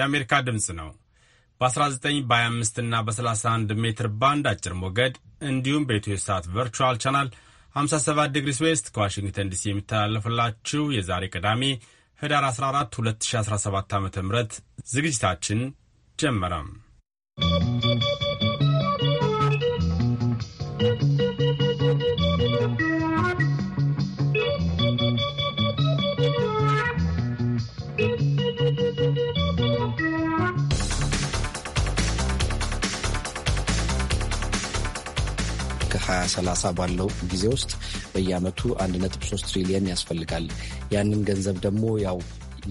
የአሜሪካ ድምፅ ነው። በ19 በ25 እና በ31 ሜትር ባንድ አጭር ሞገድ እንዲሁም በኢትዮ ሰዓት ቨርቹዋል ቻናል 57 ዲግሪስ ዌስት ከዋሽንግተን ዲሲ የሚተላለፍላችሁ የዛሬ ቅዳሜ ህዳር 14 2017 ዓ ም ዝግጅታችን ጀመረም። 2030 ባለው ጊዜ ውስጥ በየአመቱ 1.3 ትሪሊየን ያስፈልጋል። ያንን ገንዘብ ደግሞ ያው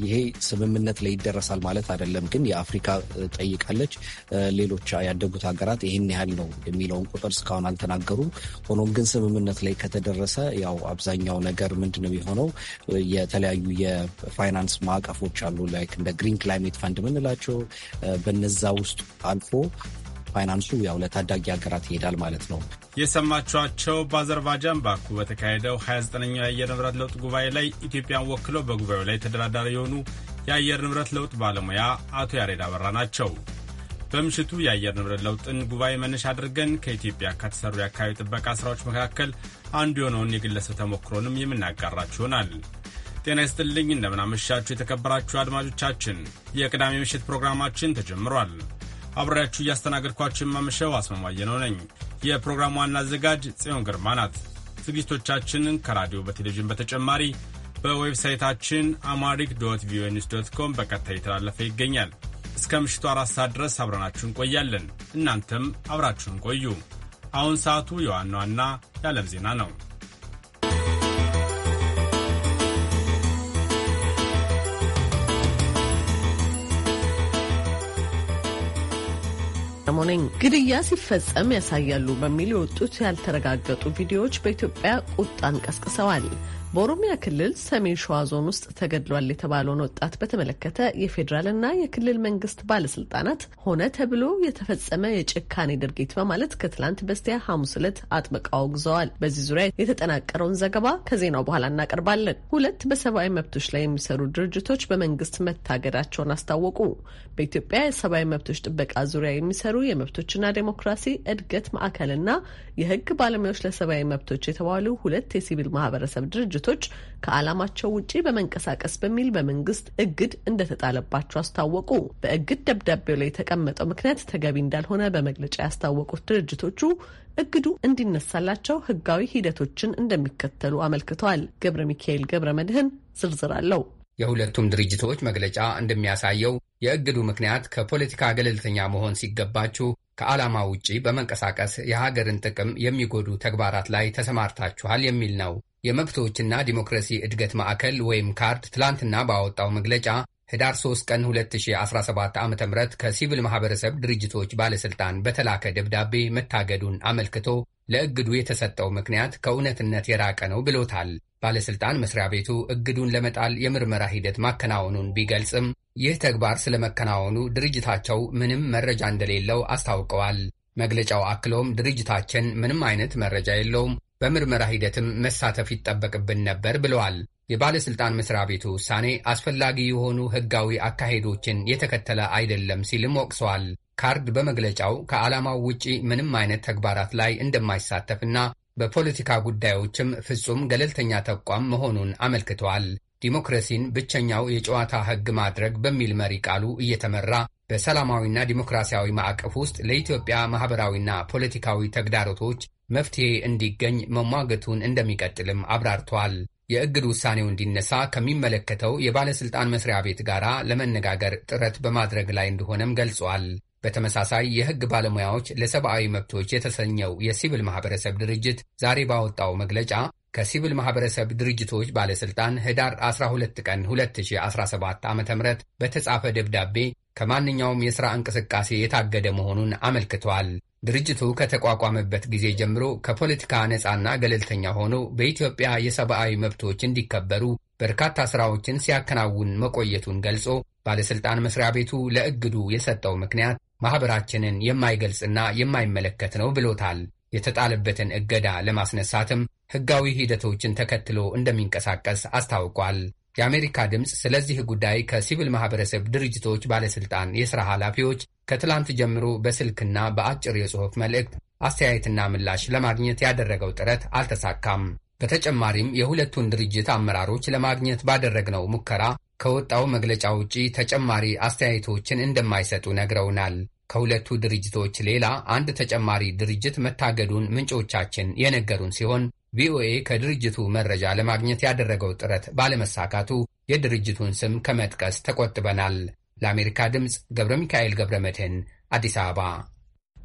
ይሄ ስምምነት ላይ ይደረሳል ማለት አይደለም፣ ግን የአፍሪካ ጠይቃለች። ሌሎች ያደጉት ሀገራት ይህን ያህል ነው የሚለውን ቁጥር እስካሁን አልተናገሩም። ሆኖም ግን ስምምነት ላይ ከተደረሰ ያው አብዛኛው ነገር ምንድን ነው የሆነው? የተለያዩ የፋይናንስ ማዕቀፎች አሉ፣ ላይክ እንደ ግሪን ክላይሜት ፈንድ የምንላቸው በነዛ ውስጥ አልፎ ፋይናንሱ ያው ለታዳጊ ሀገራት ይሄዳል ማለት ነው። የሰማችኋቸው በአዘርባጃን ባኩ በተካሄደው 29ኛው የአየር ንብረት ለውጥ ጉባኤ ላይ ኢትዮጵያን ወክለው በጉባኤው ላይ ተደራዳሪ የሆኑ የአየር ንብረት ለውጥ ባለሙያ አቶ ያሬድ አበራ ናቸው። በምሽቱ የአየር ንብረት ለውጥን ጉባኤ መነሻ አድርገን ከኢትዮጵያ ከተሰሩ የአካባቢ ጥበቃ ስራዎች መካከል አንዱ የሆነውን የግለሰብ ተሞክሮንም የምናጋራችሁ ይሆናል። ጤና ይስጥልኝ፣ እንደምናመሻችሁ የተከበራችሁ አድማጮቻችን። የቅዳሜ ምሽት ፕሮግራማችን ተጀምሯል። አብሬያችሁ እያስተናገድኳችሁ የማመሸው አስማማየ ነው ነኝ። የፕሮግራሙ ዋና አዘጋጅ ጽዮን ግርማ ናት። ዝግጅቶቻችንን ከራዲዮ በቴሌቪዥን በተጨማሪ በዌብሳይታችን አማሪክ ዶት ቪኦኤ ኒውስ ዶት ኮም በቀጥታ እየተላለፈ ይገኛል። እስከ ምሽቱ አራት ሰዓት ድረስ አብረናችሁን ቆያለን። እናንተም አብራችሁን ቆዩ። አሁን ሰዓቱ የዋና ዋና የዓለም ዜና ነው። ሰለሞን ነኝ። ግድያ ሲፈጸም ያሳያሉ በሚል የወጡት ያልተረጋገጡ ቪዲዮዎች በኢትዮጵያ ቁጣን ቀስቅሰዋል። በኦሮሚያ ክልል ሰሜን ሸዋ ዞን ውስጥ ተገድሏል የተባለውን ወጣት በተመለከተ የፌዴራልና የክልል መንግስት ባለስልጣናት ሆነ ተብሎ የተፈጸመ የጭካኔ ድርጊት በማለት ከትላንት በስቲያ ሐሙስ ዕለት አጥብቀው አውግዘዋል። በዚህ ዙሪያ የተጠናቀረውን ዘገባ ከዜናው በኋላ እናቀርባለን። ሁለት በሰብአዊ መብቶች ላይ የሚሰሩ ድርጅቶች በመንግስት መታገዳቸውን አስታወቁ። በኢትዮጵያ የሰብአዊ መብቶች ጥበቃ ዙሪያ የሚሰሩ የመብቶችና ዴሞክራሲ እድገት ማዕከልና የህግ ባለሙያዎች ለሰብአዊ መብቶች የተባሉ ሁለት የሲቪል ማህበረሰብ ድርጅቶች ድርጅቶች ከዓላማቸው ውጪ በመንቀሳቀስ በሚል በመንግስት እግድ እንደተጣለባቸው አስታወቁ። በእግድ ደብዳቤው ላይ የተቀመጠው ምክንያት ተገቢ እንዳልሆነ በመግለጫ ያስታወቁት ድርጅቶቹ እግዱ እንዲነሳላቸው ህጋዊ ሂደቶችን እንደሚከተሉ አመልክተዋል። ገብረ ሚካኤል ገብረ መድህን ዝርዝር አለው። የሁለቱም ድርጅቶች መግለጫ እንደሚያሳየው የእግዱ ምክንያት ከፖለቲካ ገለልተኛ መሆን ሲገባችሁ ከዓላማ ውጪ በመንቀሳቀስ የሀገርን ጥቅም የሚጎዱ ተግባራት ላይ ተሰማርታችኋል የሚል ነው። የመብቶችና ዲሞክራሲ እድገት ማዕከል ወይም ካርድ ትላንትና ባወጣው መግለጫ ህዳር 3 ቀን 2017 ዓ ም ከሲቪል ማህበረሰብ ድርጅቶች ባለሥልጣን በተላከ ደብዳቤ መታገዱን አመልክቶ ለእግዱ የተሰጠው ምክንያት ከእውነትነት የራቀ ነው ብሎታል። ባለሥልጣን መስሪያ ቤቱ እግዱን ለመጣል የምርመራ ሂደት ማከናወኑን ቢገልጽም ይህ ተግባር ስለመከናወኑ ድርጅታቸው ምንም መረጃ እንደሌለው አስታውቀዋል። መግለጫው አክሎም ድርጅታችን ምንም አይነት መረጃ የለውም፣ በምርመራ ሂደትም መሳተፍ ይጠበቅብን ነበር ብለዋል። የባለሥልጣን መስሪያ ቤቱ ውሳኔ አስፈላጊ የሆኑ ሕጋዊ አካሄዶችን የተከተለ አይደለም ሲልም ወቅሰዋል። ካርድ በመግለጫው ከዓላማው ውጪ ምንም አይነት ተግባራት ላይ እንደማይሳተፍና በፖለቲካ ጉዳዮችም ፍጹም ገለልተኛ ተቋም መሆኑን አመልክተዋል። ዲሞክራሲን ብቸኛው የጨዋታ ሕግ ማድረግ በሚል መሪ ቃሉ እየተመራ በሰላማዊና ዲሞክራሲያዊ ማዕቀፍ ውስጥ ለኢትዮጵያ ማኅበራዊና ፖለቲካዊ ተግዳሮቶች መፍትሄ እንዲገኝ መሟገቱን እንደሚቀጥልም አብራርተዋል። የእግድ ውሳኔው እንዲነሳ ከሚመለከተው የባለሥልጣን መስሪያ ቤት ጋር ለመነጋገር ጥረት በማድረግ ላይ እንደሆነም ገልጿል። በተመሳሳይ የህግ ባለሙያዎች ለሰብአዊ መብቶች የተሰኘው የሲቪል ማህበረሰብ ድርጅት ዛሬ ባወጣው መግለጫ ከሲቪል ማህበረሰብ ድርጅቶች ባለሥልጣን ህዳር 12 ቀን 2017 ዓ ም በተጻፈ ደብዳቤ ከማንኛውም የሥራ እንቅስቃሴ የታገደ መሆኑን አመልክቷል። ድርጅቱ ከተቋቋመበት ጊዜ ጀምሮ ከፖለቲካ ነፃና ገለልተኛ ሆኖ በኢትዮጵያ የሰብአዊ መብቶች እንዲከበሩ በርካታ ሥራዎችን ሲያከናውን መቆየቱን ገልጾ ባለሥልጣን መስሪያ ቤቱ ለእግዱ የሰጠው ምክንያት ማኅበራችንን የማይገልጽና የማይመለከት ነው ብሎታል። የተጣለበትን እገዳ ለማስነሳትም ሕጋዊ ሂደቶችን ተከትሎ እንደሚንቀሳቀስ አስታውቋል። የአሜሪካ ድምፅ ስለዚህ ጉዳይ ከሲቪል ማኅበረሰብ ድርጅቶች ባለሥልጣን የሥራ ኃላፊዎች ከትላንት ጀምሮ በስልክና በአጭር የጽሑፍ መልእክት አስተያየትና ምላሽ ለማግኘት ያደረገው ጥረት አልተሳካም። በተጨማሪም የሁለቱን ድርጅት አመራሮች ለማግኘት ባደረግነው ሙከራ ከወጣው መግለጫ ውጪ ተጨማሪ አስተያየቶችን እንደማይሰጡ ነግረውናል። ከሁለቱ ድርጅቶች ሌላ አንድ ተጨማሪ ድርጅት መታገዱን ምንጮቻችን የነገሩን ሲሆን ቪኦኤ ከድርጅቱ መረጃ ለማግኘት ያደረገው ጥረት ባለመሳካቱ የድርጅቱን ስም ከመጥቀስ ተቆጥበናል። ለአሜሪካ ድምፅ ገብረ ሚካኤል ገብረ መድህን አዲስ አበባ።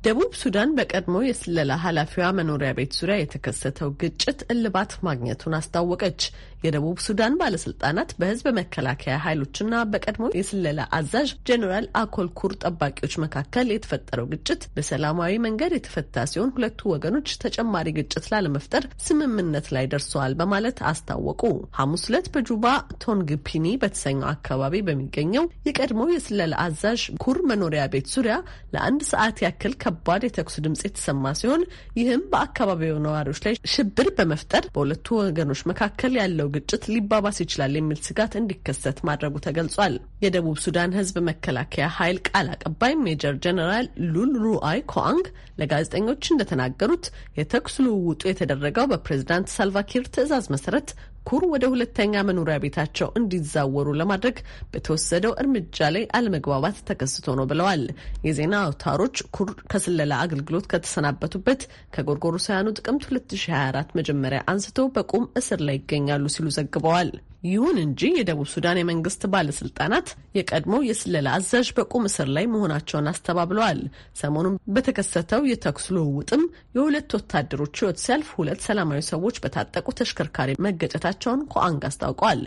ደቡብ ሱዳን በቀድሞ የስለላ ኃላፊዋ መኖሪያ ቤት ዙሪያ የተከሰተው ግጭት እልባት ማግኘቱን አስታወቀች። የደቡብ ሱዳን ባለስልጣናት በህዝብ መከላከያ ኃይሎችና በቀድሞ የስለላ አዛዥ ጀኔራል አኮልኩር ጠባቂዎች መካከል የተፈጠረው ግጭት በሰላማዊ መንገድ የተፈታ ሲሆን ሁለቱ ወገኖች ተጨማሪ ግጭት ላለመፍጠር ስምምነት ላይ ደርሰዋል በማለት አስታወቁ። ሐሙስ ዕለት በጁባ ቶንግፒኒ በተሰኘው አካባቢ በሚገኘው የቀድሞ የስለላ አዛዥ ኩር መኖሪያ ቤት ዙሪያ ለአንድ ሰዓት ያክል ከባድ የተኩስ ድምጽ የተሰማ ሲሆን ይህም በአካባቢው ነዋሪዎች ላይ ሽብር በመፍጠር በሁለቱ ወገኖች መካከል ያለው ግጭት ሊባባስ ይችላል የሚል ስጋት እንዲከሰት ማድረጉ ተገልጿል። የደቡብ ሱዳን ህዝብ መከላከያ ኃይል ቃል አቀባይ ሜጀር ጀነራል ሉል ሩአይ ኮአንግ ለጋዜጠኞች እንደተናገሩት የተኩስ ልውውጡ የተደረገው በፕሬዝዳንት ሳልቫኪር ትዕዛዝ መሰረት ኩር ወደ ሁለተኛ መኖሪያ ቤታቸው እንዲዛወሩ ለማድረግ በተወሰደው እርምጃ ላይ አለመግባባት ተከስቶ ነው ብለዋል። የዜና አውታሮች ኩር ከስለላ አገልግሎት ከተሰናበቱበት ከጎርጎሮሳውያኑ ጥቅምት 2024 መጀመሪያ አንስቶ በቁም እስር ላይ ይገኛሉ ሲሉ ዘግበዋል። ይሁን እንጂ የደቡብ ሱዳን የመንግስት ባለስልጣናት የቀድሞ የስለላ አዛዥ በቁም እስር ላይ መሆናቸውን አስተባብለዋል። ሰሞኑን በተከሰተው የተኩስ ልውውጥም የሁለት ወታደሮች ህይወት ሲያልፍ ሁለት ሰላማዊ ሰዎች በታጠቁ ተሽከርካሪ መገጨታቸውን ከአንግ አስታውቀዋል።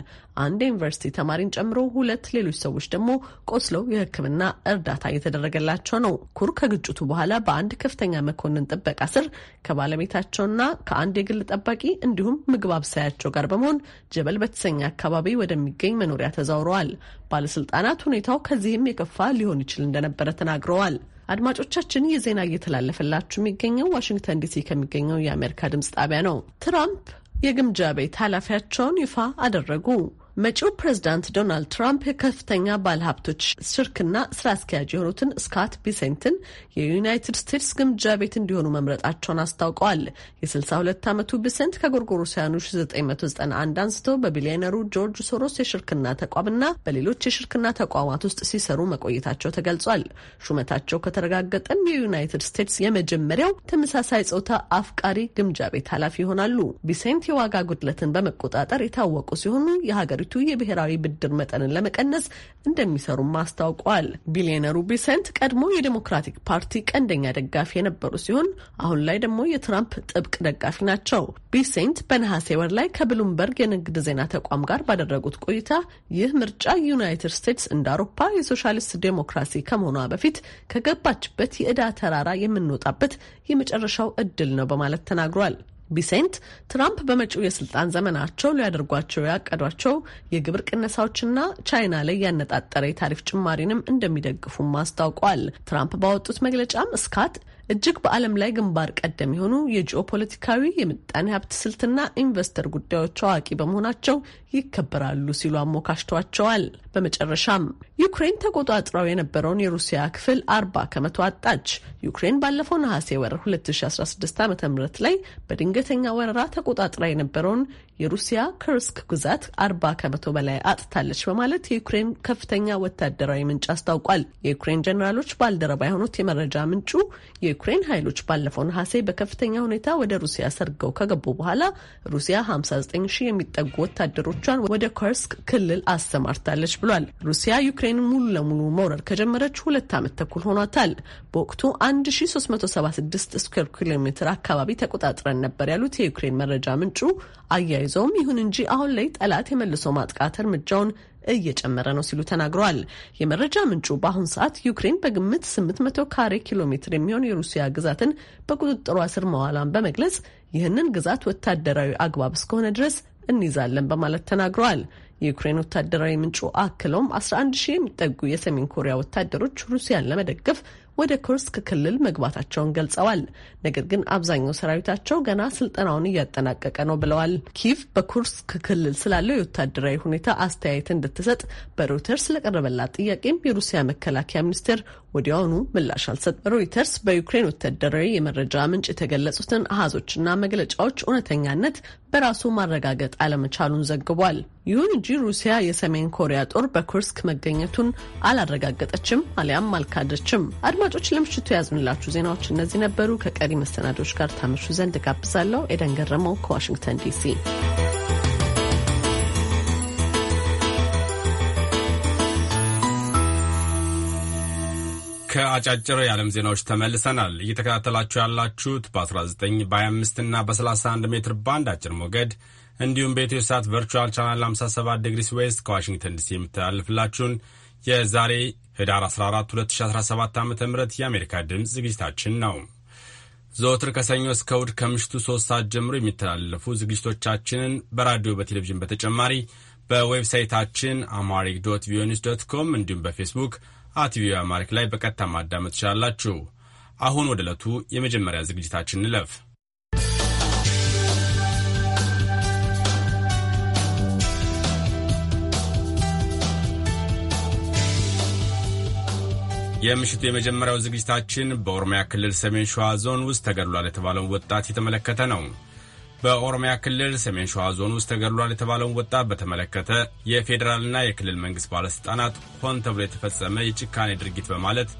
አንድ የዩኒቨርሲቲ ተማሪን ጨምሮ ሁለት ሌሎች ሰዎች ደግሞ ቆስለው የሕክምና እርዳታ እየተደረገላቸው ነው። ኩር ከግጭቱ በኋላ በአንድ ከፍተኛ መኮንን ጥበቃ ስር ከባለቤታቸውና ከአንድ የግል ጠባቂ እንዲሁም ምግብ አብሳያቸው ጋር በመሆን ጀበል በተሰኛ አካባቢ ወደሚገኝ መኖሪያ ተዛውረዋል። ባለስልጣናት ሁኔታው ከዚህም የከፋ ሊሆን ይችል እንደነበረ ተናግረዋል። አድማጮቻችን ይህ ዜና እየተላለፈላችሁ የሚገኘው ዋሽንግተን ዲሲ ከሚገኘው የአሜሪካ ድምጽ ጣቢያ ነው። ትራምፕ የግምጃ ቤት ኃላፊያቸውን ይፋ አደረጉ። መጪው ፕሬዝዳንት ዶናልድ ትራምፕ የከፍተኛ ባለሀብቶች ሽርክና ስራ አስኪያጅ የሆኑትን ስካት ቢሴንትን የዩናይትድ ስቴትስ ግምጃ ቤት እንዲሆኑ መምረጣቸውን አስታውቀዋል። የ62 ዓመቱ ቢሴንት ከጎርጎሮሳውያኑ 1991 አንስተው በቢሊዮነሩ ጆርጅ ሶሮስ የሽርክና ተቋምና በሌሎች የሽርክና ተቋማት ውስጥ ሲሰሩ መቆየታቸው ተገልጿል። ሹመታቸው ከተረጋገጠም የዩናይትድ ስቴትስ የመጀመሪያው ተመሳሳይ ጾታ አፍቃሪ ግምጃ ቤት ኃላፊ ይሆናሉ። ቢሴንት የዋጋ ጉድለትን በመቆጣጠር የታወቁ ሲሆኑ የሀገሪቱ የሀገሪቱ የብሔራዊ ብድር መጠንን ለመቀነስ እንደሚሰሩም አስታውቋል። ቢሊዮነሩ ቢሰንት ቀድሞ የዴሞክራቲክ ፓርቲ ቀንደኛ ደጋፊ የነበሩ ሲሆን አሁን ላይ ደግሞ የትራምፕ ጥብቅ ደጋፊ ናቸው። ቢሴንት በነሐሴ ወር ላይ ከብሉምበርግ የንግድ ዜና ተቋም ጋር ባደረጉት ቆይታ ይህ ምርጫ ዩናይትድ ስቴትስ እንደ አውሮፓ የሶሻሊስት ዴሞክራሲ ከመሆኗ በፊት ከገባችበት የዕዳ ተራራ የምንወጣበት የመጨረሻው እድል ነው በማለት ተናግሯል። ቢሴንት ትራምፕ በመጪው የስልጣን ዘመናቸው ሊያደርጓቸው ያቀዷቸው የግብር ቅነሳዎችና ቻይና ላይ ያነጣጠረ የታሪፍ ጭማሪንም እንደሚደግፉም አስታውቋል። ትራምፕ ባወጡት መግለጫም እስካት እጅግ በዓለም ላይ ግንባር ቀደም የሆኑ የጂኦ ፖለቲካዊ የምጣኔ ሀብት ስልትና ኢንቨስተር ጉዳዮች አዋቂ በመሆናቸው ይከበራሉ ሲሉ አሞካሽቷቸዋል በመጨረሻም ዩክሬን ተቆጣጥረው የነበረውን የሩሲያ ክፍል አርባ ከመቶ አጣች። ዩክሬን ባለፈው ነሐሴ ወር 2016 ዓ.ም ላይ በድንገተኛ ወረራ ተቆጣጥራ የነበረውን የሩሲያ ክርስክ ግዛት አርባ ከመቶ በላይ አጥታለች በማለት የዩክሬን ከፍተኛ ወታደራዊ ምንጭ አስታውቋል። የዩክሬን ጀኔራሎች ባልደረባ የሆኑት የመረጃ ምንጩ የዩክሬን ኃይሎች ባለፈው ነሐሴ በከፍተኛ ሁኔታ ወደ ሩሲያ ሰርገው ከገቡ በኋላ ሩሲያ 59 ሺህ የሚጠጉ ወታደሮቿን ወደ ከርስክ ክልል አሰማርታለች ብሏል። ሩሲያ ዩክሬንን ሙሉ ለሙሉ መውረር ከጀመረች ሁለት ዓመት ተኩል ሆኗታል። በወቅቱ 1376 ስኩዌር ኪሎ ሜትር አካባቢ ተቆጣጥረን ነበር ያሉት የዩክሬን መረጃ ምንጩ አያይዘውም ይሁን እንጂ አሁን ላይ ጠላት የመልሶ ማጥቃት እርምጃውን እየጨመረ ነው ሲሉ ተናግረዋል። የመረጃ ምንጩ በአሁን ሰዓት ዩክሬን በግምት 800 ካሬ ኪሎ ሜትር የሚሆን የሩሲያ ግዛትን በቁጥጥሯ ስር መዋሏን በመግለጽ ይህንን ግዛት ወታደራዊ አግባብ እስከሆነ ድረስ እንይዛለን በማለት ተናግረዋል። የዩክሬን ወታደራዊ ምንጩ አክለውም 11 ሺህ የሚጠጉ የሰሜን ኮሪያ ወታደሮች ሩሲያን ለመደገፍ ወደ ኩርስክ ክልል መግባታቸውን ገልጸዋል። ነገር ግን አብዛኛው ሰራዊታቸው ገና ስልጠናውን እያጠናቀቀ ነው ብለዋል። ኪቭ በኩርስክ ክልል ስላለው የወታደራዊ ሁኔታ አስተያየት እንድትሰጥ በሮይተርስ ለቀረበላት ጥያቄም የሩሲያ መከላከያ ሚኒስቴር ወዲያውኑ ምላሽ አልሰጠም። ሮይተርስ በዩክሬን ወታደራዊ የመረጃ ምንጭ የተገለጹትን አሃዞችና መግለጫዎች እውነተኛነት በራሱ ማረጋገጥ አለመቻሉን ዘግቧል። ይሁን እንጂ ሩሲያ የሰሜን ኮሪያ ጦር በኩርስክ መገኘቱን አላረጋገጠችም አሊያም አልካደችም። አድማጮች፣ ለምሽቱ የያዝንላችሁ ዜናዎች እነዚህ ነበሩ። ከቀሪ መሰናዶች ጋር ታመሹ ዘንድ ጋብዛለሁ። ኤደን ገረመው ከዋሽንግተን ዲሲ ከአጫጭር የዓለም ዜናዎች ተመልሰናል። እየተከታተላችሁ ያላችሁት በ19 በ25 እና በ31 ሜትር ባንድ አጭር ሞገድ እንዲሁም በኢትዮ ሳት ቨርቹዋል ቻናል 57 ዲግሪስ ዌስት ከዋሽንግተን ዲሲ የምተላለፍላችሁን የዛሬ ህዳር 14 2017 ዓ ም የአሜሪካ ድምፅ ዝግጅታችን ነው። ዘወትር ከሰኞ እስከ እሁድ ከምሽቱ 3 ሰዓት ጀምሮ የሚተላለፉ ዝግጅቶቻችንን በራዲዮ በቴሌቪዥን በተጨማሪ በዌብሳይታችን አማሪክ ዶት ቪኦኤ ኒውስ ዶት ኮም እንዲሁም በፌስቡክ አት ቪኦኤ አማሪክ ላይ በቀጥታ ማዳመጥ ትችላላችሁ። አሁን ወደ ዕለቱ የመጀመሪያ ዝግጅታችን እንለፍ። የምሽቱ የመጀመሪያው ዝግጅታችን በኦሮሚያ ክልል ሰሜን ሸዋ ዞን ውስጥ ተገድሏል የተባለውን ወጣት የተመለከተ ነው። በኦሮሚያ ክልል ሰሜን ሸዋ ዞን ውስጥ ተገድሏል የተባለውን ወጣት በተመለከተ የፌዴራልና የክልል መንግስት ባለሥልጣናት ሆን ተብሎ የተፈጸመ የጭካኔ ድርጊት በማለት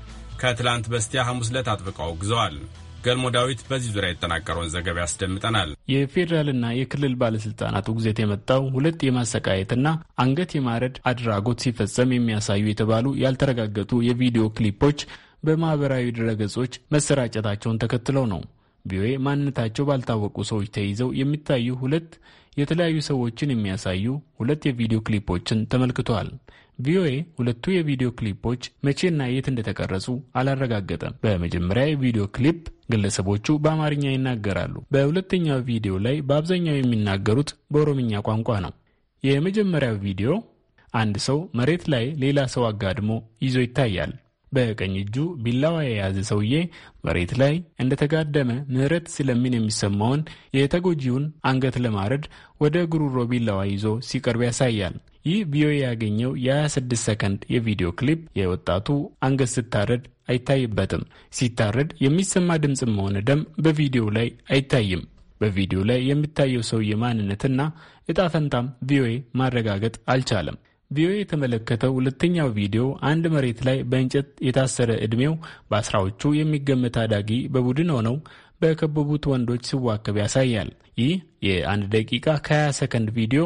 ከትላንት በስቲያ ሐሙስ ዕለት አጥብቀው አውግዘዋል። ገልሞ ዳዊት በዚህ ዙሪያ የተጠናቀረውን ዘገባ ያስደምጠናል። የፌዴራልና የክልል ባለስልጣናት ውግዘት የመጣው ሁለት የማሰቃየትና አንገት የማረድ አድራጎት ሲፈጸም የሚያሳዩ የተባሉ ያልተረጋገጡ የቪዲዮ ክሊፖች በማኅበራዊ ድረገጾች መሰራጨታቸውን ተከትለው ነው። ቪኦኤ ማንነታቸው ባልታወቁ ሰዎች ተይዘው የሚታዩ ሁለት የተለያዩ ሰዎችን የሚያሳዩ ሁለት የቪዲዮ ክሊፖችን ተመልክቷል። ቪኦኤ ሁለቱ የቪዲዮ ክሊፖች መቼና የት እንደተቀረጹ አላረጋገጠም። በመጀመሪያ የቪዲዮ ክሊፕ ግለሰቦቹ በአማርኛ ይናገራሉ። በሁለተኛው ቪዲዮ ላይ በአብዛኛው የሚናገሩት በኦሮምኛ ቋንቋ ነው። የመጀመሪያው ቪዲዮ አንድ ሰው መሬት ላይ ሌላ ሰው አጋድሞ ይዞ ይታያል። በቀኝ እጁ ቢላዋ የያዘ ሰውዬ መሬት ላይ እንደተጋደመ ምህረት ስለሚን የሚሰማውን የተጎጂውን አንገት ለማረድ ወደ ጉሩሮ ቢላዋ ይዞ ሲቀርብ ያሳያል። ይህ ቪኦኤ ያገኘው የ26 ሰከንድ የቪዲዮ ክሊፕ የወጣቱ አንገት ስታረድ አይታይበትም። ሲታረድ የሚሰማ ድምፅም ሆነ ደም በቪዲዮው ላይ አይታይም። በቪዲዮ ላይ የሚታየው ሰውዬ ማንነትና እጣ ፈንታም ቪኦኤ ማረጋገጥ አልቻለም። ቪኦኤ የተመለከተው ሁለተኛው ቪዲዮ አንድ መሬት ላይ በእንጨት የታሰረ ዕድሜው በአስራዎቹ የሚገመት አዳጊ በቡድን ሆነው በከበቡት ወንዶች ሲዋከብ ያሳያል። ይህ የአንድ ደቂቃ ከ20 ሰከንድ ቪዲዮ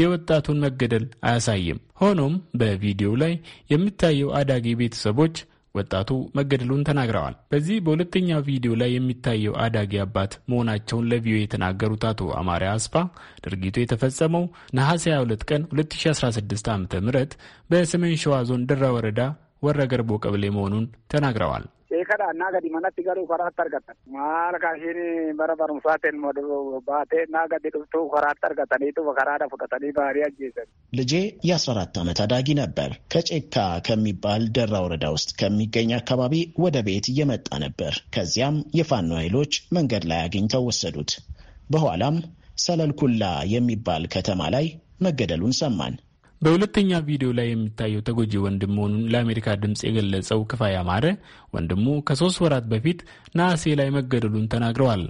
የወጣቱን መገደል አያሳይም። ሆኖም በቪዲዮው ላይ የሚታየው አዳጊ ቤተሰቦች ወጣቱ መገደሉን ተናግረዋል። በዚህ በሁለተኛው ቪዲዮ ላይ የሚታየው አዳጊ አባት መሆናቸውን ለቪኦኤ የተናገሩት አቶ አማሪያ አስፋ ድርጊቱ የተፈጸመው ነሐሴ 22 ቀን 2016 ዓ ም በሰሜን ሸዋ ዞን ድራ ወረዳ ወረገርቦ ቀበሌ መሆኑን ተናግረዋል። beekadha naa gadi manatti garuu karaatti argatan maal kaashiin bara barumsaatiin baatee naa gadi dhuftuu karaatti argatanii dhufa karaadha fudhatanii baarii ajjeesan። ልጄ የአስራ አራት ዓመት አዳጊ ነበር። ከጨካ ከሚባል ደራ ወረዳ ውስጥ ከሚገኝ አካባቢ ወደ ቤት እየመጣ ነበር። ከዚያም የፋኖ ኃይሎች መንገድ ላይ አግኝተው ወሰዱት። በኋላም ሰለልኩላ የሚባል ከተማ ላይ መገደሉን ሰማን። በሁለተኛ ቪዲዮ ላይ የሚታየው ተጎጂ ወንድም መሆኑን ለአሜሪካ ድምፅ የገለጸው ክፋይ ያማረ። ወንድሙ ከሶስት ወራት በፊት ነሐሴ ላይ መገደሉን ተናግረዋል።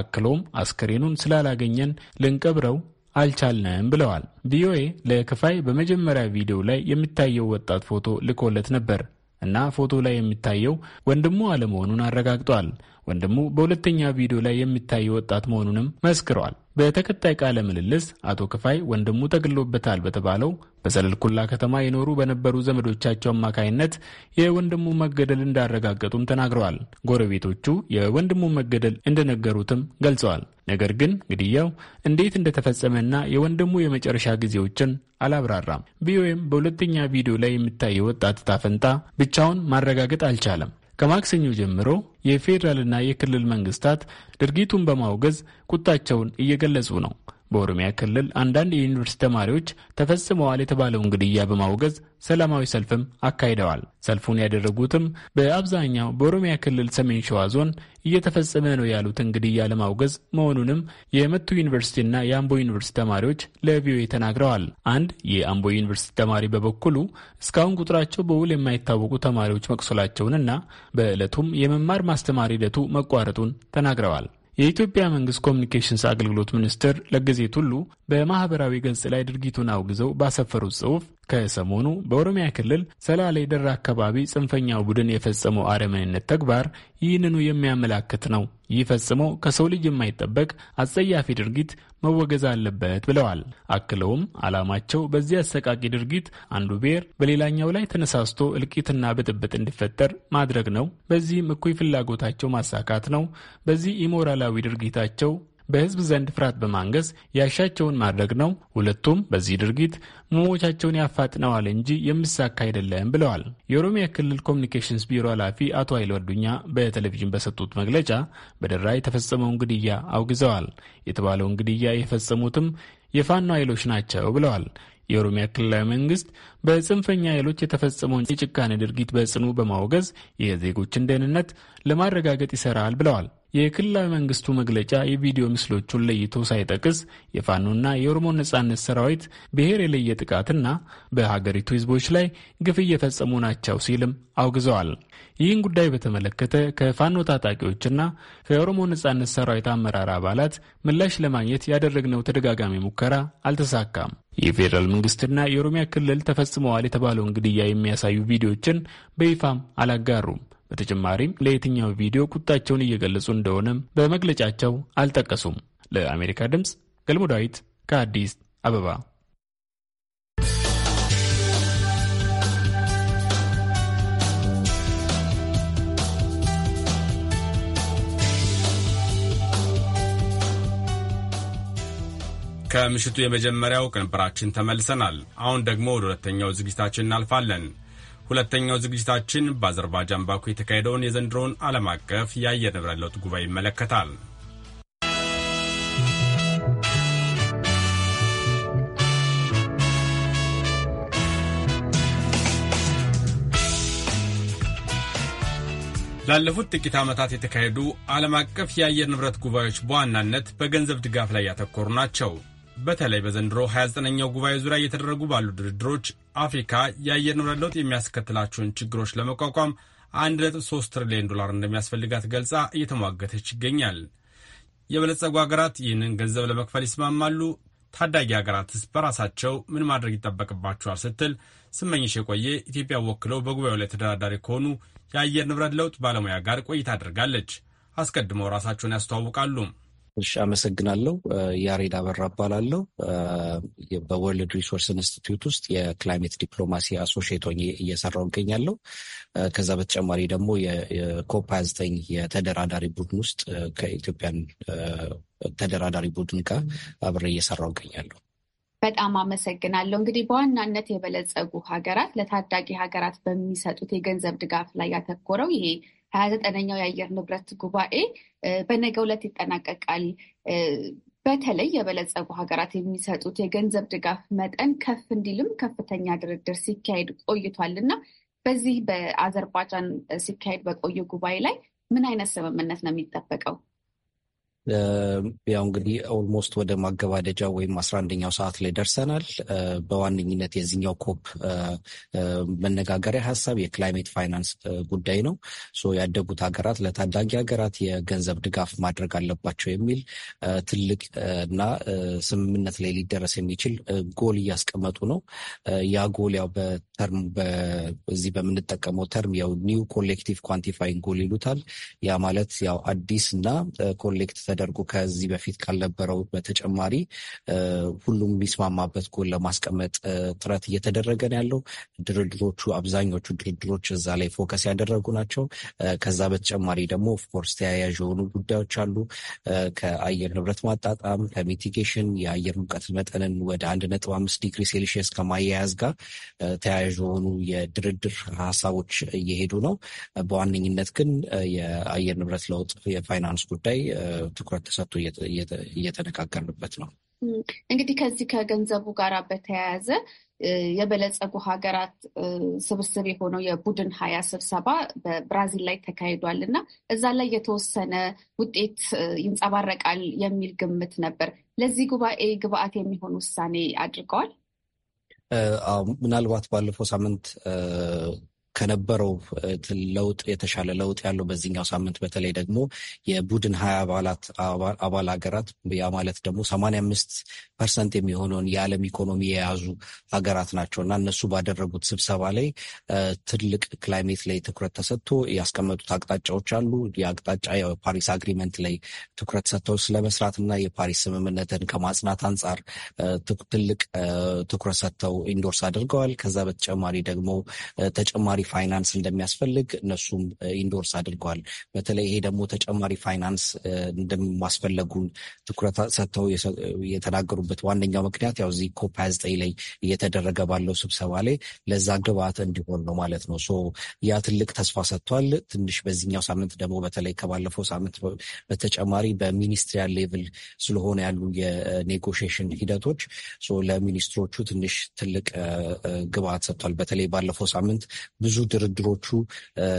አክሎም አስክሬኑን ስላላገኘን ልንቀብረው አልቻልንም ብለዋል። ቪኦኤ ለክፋይ በመጀመሪያ ቪዲዮ ላይ የሚታየው ወጣት ፎቶ ልኮለት ነበር እና ፎቶ ላይ የሚታየው ወንድሙ አለመሆኑን አረጋግጧል። ወንድሙ በሁለተኛ ቪዲዮ ላይ የሚታይ ወጣት መሆኑንም መስክረዋል። በተከታይ ቃለ ምልልስ አቶ ክፋይ ወንድሙ ተገሎበታል በተባለው በሰለልኩላ ከተማ የኖሩ በነበሩ ዘመዶቻቸው አማካይነት የወንድሙ መገደል እንዳረጋገጡም ተናግረዋል። ጎረቤቶቹ የወንድሙ መገደል እንደነገሩትም ገልጸዋል። ነገር ግን ግድያው እንዴት እንደተፈጸመና የወንድሙ የመጨረሻ ጊዜዎችን አላብራራም። ቪኦኤም በሁለተኛ ቪዲዮ ላይ የሚታየ ወጣት ታፈንጣ ብቻውን ማረጋገጥ አልቻለም። ከማክሰኞ ጀምሮ የፌዴራልና የክልል መንግስታት ድርጊቱን በማውገዝ ቁጣቸውን እየገለጹ ነው። በኦሮሚያ ክልል አንዳንድ የዩኒቨርሲቲ ተማሪዎች ተፈጽመዋል የተባለውን ግድያ በማውገዝ ሰላማዊ ሰልፍም አካሂደዋል። ሰልፉን ያደረጉትም በአብዛኛው በኦሮሚያ ክልል ሰሜን ሸዋ ዞን እየተፈጸመ ነው ያሉትን ግድያ ለማውገዝ መሆኑንም የመቱ ዩኒቨርሲቲና የአምቦ ዩኒቨርሲቲ ተማሪዎች ለቪኦኤ ተናግረዋል። አንድ የአምቦ ዩኒቨርሲቲ ተማሪ በበኩሉ እስካሁን ቁጥራቸው በውል የማይታወቁ ተማሪዎች መቁሰላቸውንና በዕለቱም የመማር ማስተማር ሂደቱ መቋረጡን ተናግረዋል። የኢትዮጵያ መንግስት ኮሚኒኬሽንስ አገልግሎት ሚኒስትር ለገዜ ሁሉ በማህበራዊ ገጽ ላይ ድርጊቱን አውግዘው ባሰፈሩት ጽሑፍ ከሰሞኑ በኦሮሚያ ክልል ሰላሌ ደራ አካባቢ ጽንፈኛው ቡድን የፈጸመው አረመኔነት ተግባር ይህንኑ የሚያመላክት ነው። ይህ ፈጽሞ ከሰው ልጅ የማይጠበቅ አጸያፊ ድርጊት መወገዝ አለበት ብለዋል። አክለውም ዓላማቸው በዚህ አሰቃቂ ድርጊት አንዱ ብሔር በሌላኛው ላይ ተነሳስቶ እልቂትና ብጥብጥ እንዲፈጠር ማድረግ ነው። በዚህም እኩይ ፍላጎታቸው ማሳካት ነው። በዚህ ኢሞራላዊ ድርጊታቸው በህዝብ ዘንድ ፍርሃት በማንገስ ያሻቸውን ማድረግ ነው። ሁለቱም በዚህ ድርጊት መሞቻቸውን ያፋጥነዋል እንጂ የሚሳካ አይደለም ብለዋል። የኦሮሚያ ክልል ኮሚኒኬሽንስ ቢሮ ኃላፊ አቶ ኃይል ወርዱኛ በቴሌቪዥን በሰጡት መግለጫ በደራ የተፈጸመውን ግድያ አውግዘዋል። የተባለውን ግድያ የፈጸሙትም የፋኖ ኃይሎች ናቸው ብለዋል። የኦሮሚያ ክልላዊ መንግስት በጽንፈኛ ኃይሎች የተፈጸመውን የጭካኔ ድርጊት በጽኑ በማውገዝ የዜጎችን ደህንነት ለማረጋገጥ ይሰራል ብለዋል። የክልላዊ መንግስቱ መግለጫ የቪዲዮ ምስሎቹን ለይቶ ሳይጠቅስ የፋኖና የኦሮሞ ነጻነት ሰራዊት ብሔር የለየ ጥቃትና በሀገሪቱ ህዝቦች ላይ ግፍ እየፈጸሙ ናቸው ሲልም አውግዘዋል። ይህን ጉዳይ በተመለከተ ከፋኖ ታጣቂዎችና ከኦሮሞ ነጻነት ሰራዊት አመራር አባላት ምላሽ ለማግኘት ያደረግነው ተደጋጋሚ ሙከራ አልተሳካም። የፌዴራል መንግስትና የኦሮሚያ ክልል ተፈጽመዋል የተባለውን ግድያ የሚያሳዩ ቪዲዮዎችን በይፋም አላጋሩም። በተጨማሪም ለየትኛው ቪዲዮ ቁጣቸውን እየገለጹ እንደሆነም በመግለጫቸው አልጠቀሱም። ለአሜሪካ ድምፅ ገልሞ ዳዊት ከአዲስ አበባ። ከምሽቱ የመጀመሪያው ቅንብራችን ተመልሰናል። አሁን ደግሞ ወደ ሁለተኛው ዝግጅታችን እናልፋለን። ሁለተኛው ዝግጅታችን በአዘርባጃን ባኩ የተካሄደውን የዘንድሮውን ዓለም አቀፍ የአየር ንብረት ለውጥ ጉባኤ ይመለከታል። ላለፉት ጥቂት ዓመታት የተካሄዱ ዓለም አቀፍ የአየር ንብረት ጉባኤዎች በዋናነት በገንዘብ ድጋፍ ላይ ያተኮሩ ናቸው። በተለይ በዘንድሮ 29ኛው ጉባኤ ዙሪያ እየተደረጉ ባሉ ድርድሮች አፍሪካ የአየር ንብረት ለውጥ የሚያስከትላቸውን ችግሮች ለመቋቋም 1.3 ትሪሊዮን ዶላር እንደሚያስፈልጋት ገልጻ እየተሟገተች ይገኛል። የበለጸጉ ሀገራት ይህንን ገንዘብ ለመክፈል ይስማማሉ? ታዳጊ ሀገራትስ በራሳቸው ምን ማድረግ ይጠበቅባቸዋል? ስትል ስመኝሽ የቆየ ኢትዮጵያ ወክለው በጉባኤው ላይ ተደራዳሪ ከሆኑ የአየር ንብረት ለውጥ ባለሙያ ጋር ቆይታ አድርጋለች። አስቀድመው ራሳቸውን ያስተዋውቃሉ። እሺ፣ አመሰግናለሁ። ያሬድ አበራ እባላለሁ። በወርልድ ሪሶርስ ኢንስቲትዩት ውስጥ የክላይሜት ዲፕሎማሲ አሶሽየት ሆኜ እየሰራሁ እገኛለሁ። ከዛ በተጨማሪ ደግሞ የኮፕ 29 የተደራዳሪ ቡድን ውስጥ ከኢትዮጵያን ተደራዳሪ ቡድን ጋር አብሬ እየሰራሁ እገኛለሁ። በጣም አመሰግናለሁ። እንግዲህ በዋናነት የበለጸጉ ሀገራት ለታዳጊ ሀገራት በሚሰጡት የገንዘብ ድጋፍ ላይ ያተኮረው ይሄ ሀያ ዘጠነኛው የአየር ንብረት ጉባኤ በነገ ዕለት ይጠናቀቃል። በተለይ የበለጸጉ ሀገራት የሚሰጡት የገንዘብ ድጋፍ መጠን ከፍ እንዲልም ከፍተኛ ድርድር ሲካሄድ ቆይቷል እና በዚህ በአዘርባጃን ሲካሄድ በቆየ ጉባኤ ላይ ምን አይነት ስምምነት ነው የሚጠበቀው? ያው እንግዲህ ኦልሞስት ወደ ማገባደጃ ወይም አስራ አንደኛው ሰዓት ላይ ደርሰናል። በዋነኝነት የዚህኛው ኮፕ መነጋገሪያ ሀሳብ የክላይሜት ፋይናንስ ጉዳይ ነው። ያደጉት ሀገራት ለታዳጊ ሀገራት የገንዘብ ድጋፍ ማድረግ አለባቸው የሚል ትልቅ እና ስምምነት ላይ ሊደረስ የሚችል ጎል እያስቀመጡ ነው። ያ ጎል ያው በተርም በዚህ በምንጠቀመው ተርም ያው ኒው ኮሌክቲቭ ኳንቲፋይንግ ጎል ይሉታል። ያ ማለት ያው አዲስ እና ኮሌክት ተደርጎ ከዚህ በፊት ካልነበረው በተጨማሪ ሁሉም የሚስማማበት ጎል ለማስቀመጥ ጥረት እየተደረገ ነው ያለው። ድርድሮቹ አብዛኞቹ ድርድሮች እዛ ላይ ፎከስ ያደረጉ ናቸው። ከዛ በተጨማሪ ደግሞ ኦፍኮርስ ተያያዥ የሆኑ ጉዳዮች አሉ። ከአየር ንብረት ማጣጣም ከሚቲጌሽን የአየር ሙቀት መጠንን ወደ አንድ ነጥብ አምስት ዲግሪ ሴልሽስ ከማያያዝ ጋር ተያያዥ የሆኑ የድርድር ሀሳቦች እየሄዱ ነው። በዋነኝነት ግን የአየር ንብረት ለውጥ የፋይናንስ ጉዳይ ትኩረት ተሰጥቶ እየተነጋገርንበት ነው። እንግዲህ ከዚህ ከገንዘቡ ጋር በተያያዘ የበለጸጉ ሀገራት ስብስብ የሆነው የቡድን ሀያ ስብሰባ በብራዚል ላይ ተካሂዷል እና እዛ ላይ የተወሰነ ውጤት ይንጸባረቃል የሚል ግምት ነበር። ለዚህ ጉባኤ ግብአት የሚሆን ውሳኔ አድርገዋል። ምናልባት ባለፈው ሳምንት ከነበረው ለውጥ የተሻለ ለውጥ ያለው በዚህኛው ሳምንት በተለይ ደግሞ የቡድን ሀያ አባላት አባል ሀገራት ያ ማለት ደግሞ ሰማንያ አምስት ፐርሰንት የሚሆነውን የዓለም ኢኮኖሚ የያዙ ሀገራት ናቸው እና እነሱ ባደረጉት ስብሰባ ላይ ትልቅ ክላይሜት ላይ ትኩረት ተሰጥቶ ያስቀመጡት አቅጣጫዎች አሉ። የአቅጣጫ የፓሪስ አግሪመንት ላይ ትኩረት ሰጥተው ስለመስራት እና የፓሪስ ስምምነትን ከማጽናት አንጻር ትልቅ ትኩረት ሰጥተው ኢንዶርስ አድርገዋል። ከዛ በተጨማሪ ደግሞ ተጨማሪ ፋይናንስ እንደሚያስፈልግ እነሱም ኢንዶርስ አድርገዋል። በተለይ ይሄ ደግሞ ተጨማሪ ፋይናንስ እንደማስፈለጉን ትኩረት ሰጥተው የተናገሩበት ዋነኛው ምክንያት ያው እዚህ ኮፕ 29 ላይ እየተደረገ ባለው ስብሰባ ላይ ለዛ ግብአት እንዲሆን ነው ማለት ነው። ሶ ያ ትልቅ ተስፋ ሰጥቷል። ትንሽ በዚህኛው ሳምንት ደግሞ በተለይ ከባለፈው ሳምንት በተጨማሪ በሚኒስትሪያል ሌቭል ስለሆነ ያሉ የኔጎሽሽን ሂደቶች ለሚኒስትሮቹ ትንሽ ትልቅ ግብአት ሰጥቷል። በተለይ ባለፈው ሳምንት ብዙ ብዙ ድርድሮቹ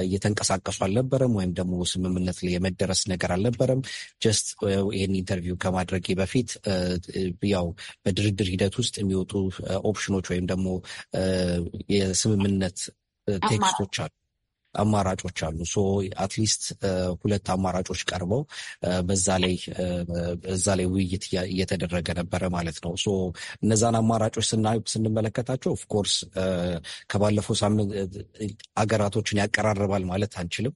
እየተንቀሳቀሱ አልነበረም፣ ወይም ደግሞ ስምምነት ላይ የመደረስ ነገር አልነበረም። ጀስት ይህን ኢንተርቪው ከማድረጌ በፊት ያው በድርድር ሂደት ውስጥ የሚወጡ ኦፕሽኖች ወይም ደግሞ የስምምነት ቴክስቶች አሉ አማራጮች አሉ። ሶ አትሊስት ሁለት አማራጮች ቀርበው በዛ ላይ በዛ ላይ ውይይት እየተደረገ ነበረ ማለት ነው። ሶ እነዛን አማራጮች ስንመለከታቸው ኦፍኮርስ ከባለፈው ሳምንት አገራቶችን ያቀራርባል ማለት አንችልም።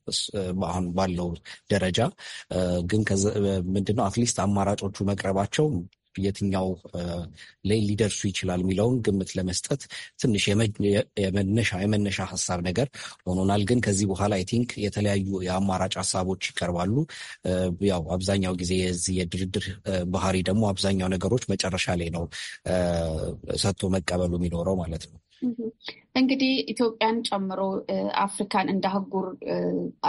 አሁን ባለው ደረጃ ግን ምንድነው አትሊስት አማራጮቹ መቅረባቸው የትኛው ላይ ሊደርሱ ይችላል የሚለውን ግምት ለመስጠት ትንሽ የመነሻ የመነሻ ሀሳብ ነገር ሆኖናል። ግን ከዚህ በኋላ አይ ቲንክ የተለያዩ የአማራጭ ሀሳቦች ይቀርባሉ። ያው አብዛኛው ጊዜ የዚህ የድርድር ባህሪ ደግሞ አብዛኛው ነገሮች መጨረሻ ላይ ነው ሰጥቶ መቀበሉ የሚኖረው ማለት ነው። እንግዲህ ኢትዮጵያን ጨምሮ አፍሪካን እንደ አህጉር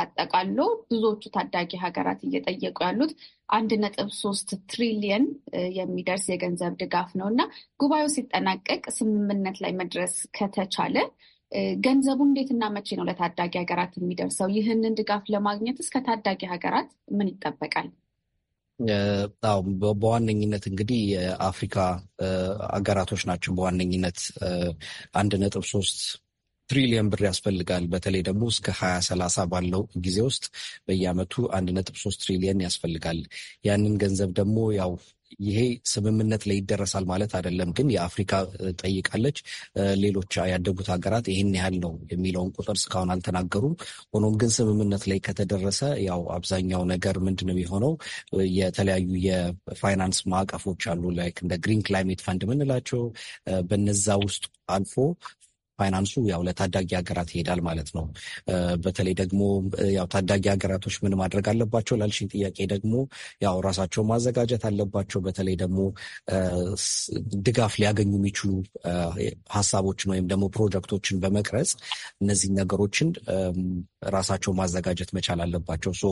አጠቃሎ ብዙዎቹ ታዳጊ ሀገራት እየጠየቁ ያሉት አንድ ነጥብ ሶስት ትሪሊየን የሚደርስ የገንዘብ ድጋፍ ነው እና ጉባኤው ሲጠናቀቅ ስምምነት ላይ መድረስ ከተቻለ ገንዘቡ እንዴት እና መቼ ነው ለታዳጊ ሀገራት የሚደርሰው? ይህንን ድጋፍ ለማግኘት እስከ ታዳጊ ሀገራት ምን ይጠበቃል? በዋነኝነት እንግዲህ የአፍሪካ አገራቶች ናቸው። በዋነኝነት አንድ ነጥብ ሶስት ትሪሊየን ብር ያስፈልጋል። በተለይ ደግሞ እስከ ሀያ ሰላሳ ባለው ጊዜ ውስጥ በየአመቱ አንድ ነጥብ ሶስት ትሪሊየን ያስፈልጋል። ያንን ገንዘብ ደግሞ ያው ይሄ ስምምነት ላይ ይደረሳል ማለት አይደለም፣ ግን የአፍሪካ ጠይቃለች። ሌሎች ያደጉት ሀገራት ይህን ያህል ነው የሚለውን ቁጥር እስካሁን አልተናገሩም። ሆኖም ግን ስምምነት ላይ ከተደረሰ ያው አብዛኛው ነገር ምንድን ነው የሆነው የተለያዩ የፋይናንስ ማዕቀፎች አሉ፣ ላይክ እንደ ግሪን ክላይሜት ፈንድ የምንላቸው በነዛ ውስጥ አልፎ ፋይናንሱ ያው ለታዳጊ ሀገራት ይሄዳል ማለት ነው። በተለይ ደግሞ ያው ታዳጊ ሀገራቶች ምን ማድረግ አለባቸው ላልሽኝ ጥያቄ ደግሞ ያው ራሳቸው ማዘጋጀት አለባቸው። በተለይ ደግሞ ድጋፍ ሊያገኙ የሚችሉ ሀሳቦችን ወይም ደግሞ ፕሮጀክቶችን በመቅረጽ እነዚህ ነገሮችን ራሳቸው ማዘጋጀት መቻል አለባቸው። ሶ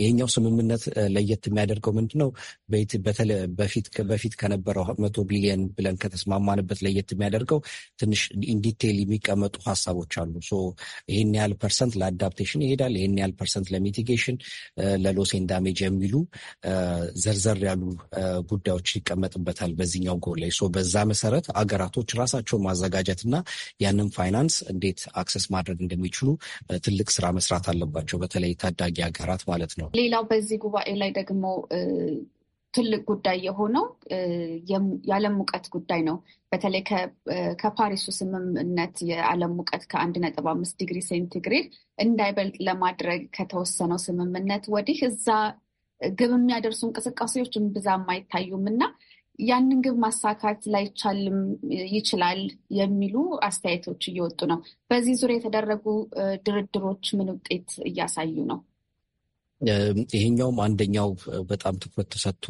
ይሄኛው ስምምነት ለየት የሚያደርገው ምንድን ነው? በፊት ከነበረው መቶ ቢሊየን ብለን ከተስማማንበት ለየት የሚያደርገው ትንሽ ኢንዲቴይል የሚቀመጡ ሀሳቦች አሉ። ይህን ያህል ፐርሰንት ለአዳፕቴሽን ይሄዳል፣ ይህን ያህል ፐርሰንት ለሚቲጌሽን ለሎሴን ዳሜጅ የሚሉ ዘርዘር ያሉ ጉዳዮች ይቀመጥበታል በዚህኛው ጎል ላይ። በዛ መሰረት አገራቶች ራሳቸውን እና ያንን ፋይናንስ እንዴት አክሰስ ማድረግ እንደሚችሉ ትልቅ ስራ መስራት አለባቸው፣ በተለይ ታዳጊ ሀገራት ማለት ነው። ሌላው በዚህ ጉባኤ ላይ ደግሞ ትልቅ ጉዳይ የሆነው የዓለም ሙቀት ጉዳይ ነው። በተለይ ከፓሪሱ ስምምነት የዓለም ሙቀት ከአንድ ነጥብ አምስት ዲግሪ ሴንቲግሬድ እንዳይበልጥ ለማድረግ ከተወሰነው ስምምነት ወዲህ እዛ ግብ የሚያደርሱ እንቅስቃሴዎች እምብዛም አይታዩም እና ያንን ግብ ማሳካት ላይቻልም ይችላል የሚሉ አስተያየቶች እየወጡ ነው። በዚህ ዙሪያ የተደረጉ ድርድሮች ምን ውጤት እያሳዩ ነው? ይሄኛውም አንደኛው በጣም ትኩረት ተሰጥቶ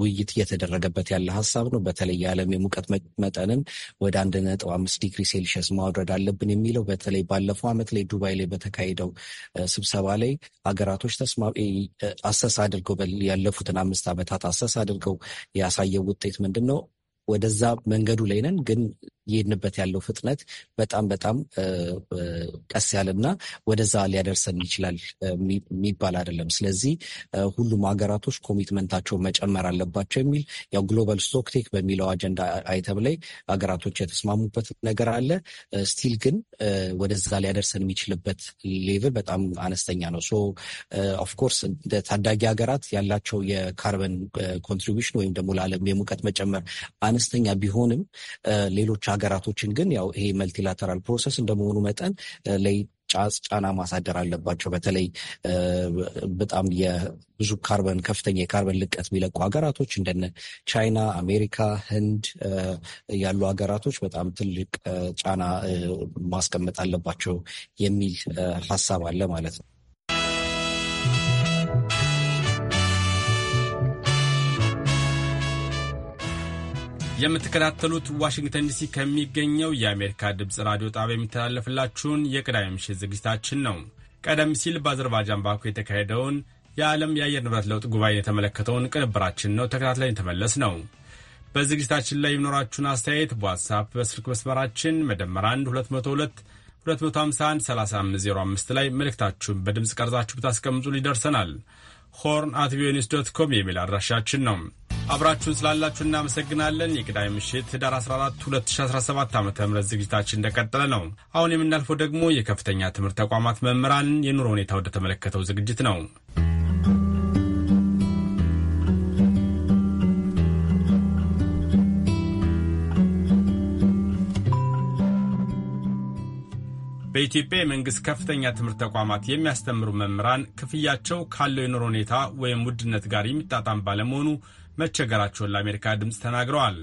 ውይይት እየተደረገበት ያለ ሀሳብ ነው። በተለይ የዓለም የሙቀት መጠንን ወደ አንድ ነጥብ አምስት ዲግሪ ሴልሽስ ማውረድ አለብን የሚለው በተለይ ባለፈው ዓመት ላይ ዱባይ ላይ በተካሄደው ስብሰባ ላይ ሀገራቶች ተስማ አሰስ አድርገው ያለፉትን አምስት ዓመታት አሰስ አድርገው ያሳየው ውጤት ምንድን ነው? ወደዛ መንገዱ ላይ ነን ግን እየሄድንበት ያለው ፍጥነት በጣም በጣም ቀስ ያለና ወደዛ ሊያደርሰን ይችላል የሚባል አይደለም። ስለዚህ ሁሉም ሀገራቶች ኮሚትመንታቸው መጨመር አለባቸው የሚል ያው ግሎባል ስቶክቴክ በሚለው አጀንዳ አይተም ላይ ሀገራቶች የተስማሙበት ነገር አለ። ስቲል ግን ወደዛ ሊያደርሰን የሚችልበት ሌቭል በጣም አነስተኛ ነው። ሶ ኦፍኮርስ እንደ ታዳጊ ሀገራት ያላቸው የካርበን ኮንትሪቢሽን ወይም ደግሞ ለዓለም የሙቀት መጨመር አነስተኛ ቢሆንም ሌሎች ሀገራቶችን ግን ያው ይሄ መልቲላተራል ፕሮሰስ እንደመሆኑ መጠን ላይ ጫና ማሳደር አለባቸው። በተለይ በጣም የብዙ ካርበን ከፍተኛ የካርበን ልቀት የሚለቁ ሀገራቶች እንደነ ቻይና፣ አሜሪካ፣ ህንድ ያሉ ሀገራቶች በጣም ትልቅ ጫና ማስቀመጥ አለባቸው የሚል ሀሳብ አለ ማለት ነው። የምትከታተሉት ዋሽንግተን ዲሲ ከሚገኘው የአሜሪካ ድምፅ ራዲዮ ጣቢያ የሚተላለፍላችሁን የቅዳሜ ምሽት ዝግጅታችን ነው። ቀደም ሲል በአዘርባጃን ባኩ የተካሄደውን የዓለም የአየር ንብረት ለውጥ ጉባኤ የተመለከተውን ቅንብራችን ነው ተከታትለን የተመለስ ነው። በዝግጅታችን ላይ የሚኖራችሁን አስተያየት በዋትሳፕ በስልክ መስመራችን መደመር 1 202 251 3505 ላይ መልእክታችሁን በድምፅ ቀርጻችሁ ብታስቀምጡ ይደርሰናል። ሆርን አት ቪኦኤ ዶት ኮም የሚል አድራሻችን ነው። አብራችሁን ስላላችሁ እናመሰግናለን። የቅዳሜ ምሽት ህዳር 14 2017 ዓ ም ዝግጅታችን እንደቀጠለ ነው። አሁን የምናልፈው ደግሞ የከፍተኛ ትምህርት ተቋማት መምህራን የኑሮ ሁኔታ ወደ ተመለከተው ዝግጅት ነው። በኢትዮጵያ የመንግስት ከፍተኛ ትምህርት ተቋማት የሚያስተምሩ መምህራን ክፍያቸው ካለው የኑሮ ሁኔታ ወይም ውድነት ጋር የሚጣጣም ባለመሆኑ መቸገራቸውን ለአሜሪካ ድምፅ ተናግረዋል።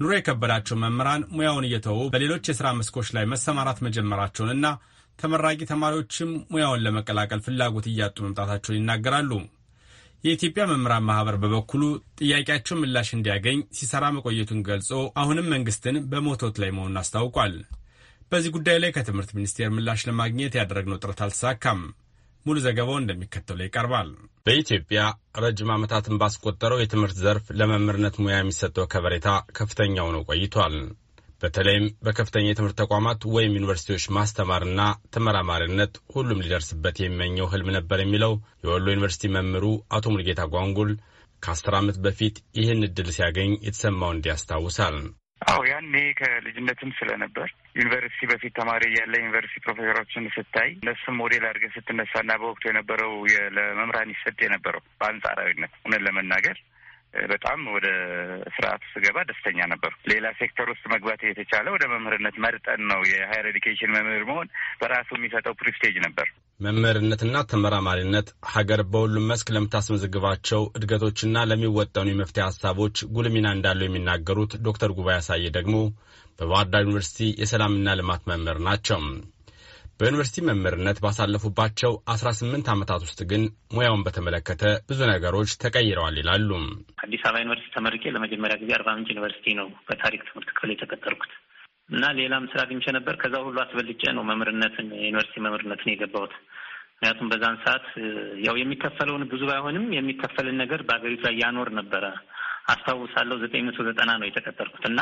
ኑሮ የከበዳቸው መምህራን ሙያውን እየተዉ በሌሎች የሥራ መስኮች ላይ መሰማራት መጀመራቸውንና ተመራቂ ተማሪዎችም ሙያውን ለመቀላቀል ፍላጎት እያጡ መምጣታቸውን ይናገራሉ። የኢትዮጵያ መምህራን ማህበር በበኩሉ ጥያቄያቸው ምላሽ እንዲያገኝ ሲሰራ መቆየቱን ገልጾ አሁንም መንግስትን በሞቶት ላይ መሆኑን አስታውቋል። በዚህ ጉዳይ ላይ ከትምህርት ሚኒስቴር ምላሽ ለማግኘት ያደረግነው ጥረት አልተሳካም። ሙሉ ዘገባው እንደሚከተለው ይቀርባል። በኢትዮጵያ ረጅም ዓመታትን ባስቆጠረው የትምህርት ዘርፍ ለመምህርነት ሙያ የሚሰጠው ከበሬታ ከፍተኛ ሆኖ ቆይቷል። በተለይም በከፍተኛ የትምህርት ተቋማት ወይም ዩኒቨርሲቲዎች ማስተማርና ተመራማሪነት ሁሉም ሊደርስበት የሚመኘው ህልም ነበር የሚለው የወሎ ዩኒቨርሲቲ መምህሩ አቶ ሙልጌታ ጓንጉል ከአስር ዓመት በፊት ይህን እድል ሲያገኝ የተሰማው እንዲያስታውሳል። አዎ ያኔ ከልጅነትም ስለነበር ዩኒቨርሲቲ በፊት ተማሪ እያለ ዩኒቨርሲቲ ፕሮፌሰሮችን ስታይ እነሱም ሞዴል አድርገህ ስትነሳና በወቅቱ የነበረው ለመምህራን ይሰጥ የነበረው በአንጻራዊነት እውነት ለመናገር በጣም ወደ ስርዓቱ ስገባ ደስተኛ ነበር። ሌላ ሴክተር ውስጥ መግባት የተቻለ ወደ መምህርነት መርጠን ነው። የሀይር ኤዲኬሽን መምህር መሆን በራሱ የሚሰጠው ፕሪስቴጅ ነበር። መምህርነትና ተመራማሪነት ሀገር በሁሉም መስክ ለምታስመዘግባቸው እድገቶችና ለሚወጠኑ የመፍትሄ ሀሳቦች ጉልሚና ሚና እንዳለው የሚናገሩት ዶክተር ጉባኤ አሳየ ደግሞ በባህር ዳር ዩኒቨርሲቲ የሰላምና ልማት መምህር ናቸው። በዩኒቨርሲቲ መምህርነት ባሳለፉባቸው 18 ዓመታት ውስጥ ግን ሙያውን በተመለከተ ብዙ ነገሮች ተቀይረዋል ይላሉ። አዲስ አበባ ዩኒቨርሲቲ ተመርቄ ለመጀመሪያ ጊዜ አርባ ምንጭ ዩኒቨርሲቲ ነው በታሪክ ትምህርት ክፍል የተቀጠርኩት። እና ሌላም ስራ አግኝቼ ነበር። ከዛ ሁሉ አስበልጬ ነው መምህርነትን የዩኒቨርሲቲ መምህርነትን የገባሁት። ምክንያቱም በዛን ሰዓት ያው የሚከፈለውን ብዙ ባይሆንም የሚከፈልን ነገር በሀገሪቱ ላይ ያኖር ነበረ። አስታውሳለሁ ዘጠኝ መቶ ዘጠና ነው የተቀጠርኩት እና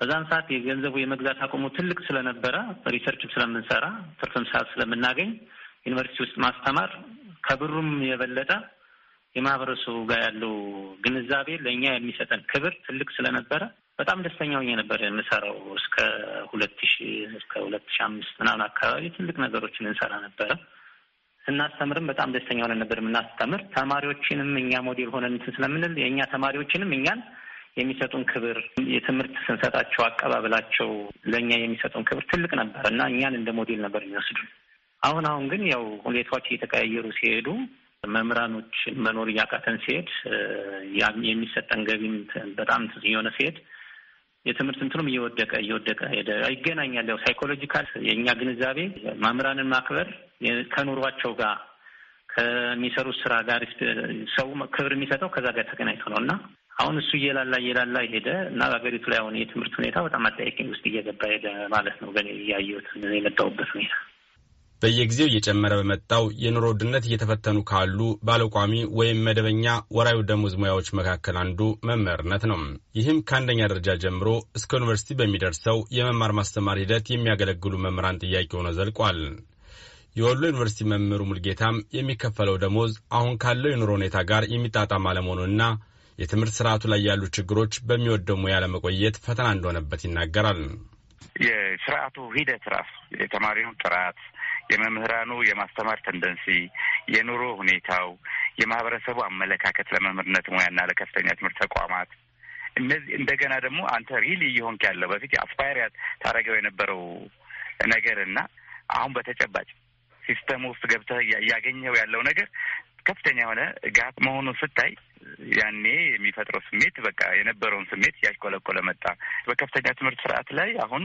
በዛን ሰዓት የገንዘቡ የመግዛት አቁሙ ትልቅ ስለነበረ ሪሰርችም ስለምንሰራ ትርፍም ሰዓት ስለምናገኝ ዩኒቨርሲቲ ውስጥ ማስተማር ከብሩም የበለጠ የማህበረሰቡ ጋር ያለው ግንዛቤ ለእኛ የሚሰጠን ክብር ትልቅ ስለነበረ በጣም ደስተኛ ሆኜ ነበር የምሰራው። እስከ ሁለት ሺ እስከ ሁለት ሺ አምስት ምናምን አካባቢ ትልቅ ነገሮችን እንሰራ ነበረ። ስናስተምርም በጣም ደስተኛ ሆነን ነበር የምናስተምር። ተማሪዎችንም እኛ ሞዴል ሆነን እንትን ስለምንል የእኛ ተማሪዎችንም እኛን የሚሰጡን ክብር፣ የትምህርት ስንሰጣቸው አቀባበላቸው ለእኛ የሚሰጡን ክብር ትልቅ ነበር እና እኛን እንደ ሞዴል ነበር የሚወስዱን። አሁን አሁን ግን ያው ሁኔታዎች እየተቀያየሩ ሲሄዱ መምህራኖች መኖር እያቃተን ሲሄድ የሚሰጠን ገቢም በጣም እየሆነ ሲሄድ የትምህርት እንትኑም እየወደቀ እየወደቀ ሄደ። ይገናኛል። ያው ሳይኮሎጂካል የእኛ ግንዛቤ መምህራንን ማክበር ከኑሯቸው ጋር ከሚሰሩት ስራ ጋር ሰው ክብር የሚሰጠው ከዛ ጋር ተገናኝቶ ነው እና አሁን እሱ እየላላ እየላላ ሄደ እና በሀገሪቱ ላይ አሁን የትምህርት ሁኔታ በጣም አጠያቂ ውስጥ እየገባ ሄደ ማለት ነው። በእኔ እያየሁት የመጣሁበት ሁኔታ በየጊዜው እየጨመረ በመጣው የኑሮ ውድነት እየተፈተኑ ካሉ ባለቋሚ ወይም መደበኛ ወራዊ ደሞዝ ሙያዎች መካከል አንዱ መምህርነት ነው። ይህም ከአንደኛ ደረጃ ጀምሮ እስከ ዩኒቨርሲቲ በሚደርሰው የመማር ማስተማር ሂደት የሚያገለግሉ መምህራን ጥያቄ ሆኖ ዘልቋል። የወሎ ዩኒቨርሲቲ መምህሩ ሙልጌታም የሚከፈለው ደሞዝ አሁን ካለው የኑሮ ሁኔታ ጋር የሚጣጣም አለመሆኑና የትምህርት ስርዓቱ ላይ ያሉ ችግሮች በሚወደው ሙያ ለመቆየት ፈተና እንደሆነበት ይናገራል። የስርዓቱ ሂደት ራሱ የተማሪውን ጥራት የመምህራኑ የማስተማር ተንደንሲ፣ የኑሮ ሁኔታው፣ የማህበረሰቡ አመለካከት ለመምህርነት ሙያና ለከፍተኛ ትምህርት ተቋማት እነዚህ እንደገና ደግሞ አንተ ሪሊ እየሆንክ ያለው በፊት አስፓየር ታደረገው የነበረው ነገር እና አሁን በተጨባጭ ሲስተም ውስጥ ገብተህ እያገኘው ያለው ነገር ከፍተኛ የሆነ ጋፕ መሆኑን ስታይ ያኔ የሚፈጥረው ስሜት በቃ የነበረውን ስሜት ያሽቆለቆለ መጣ። በከፍተኛ ትምህርት ስርዓት ላይ አሁን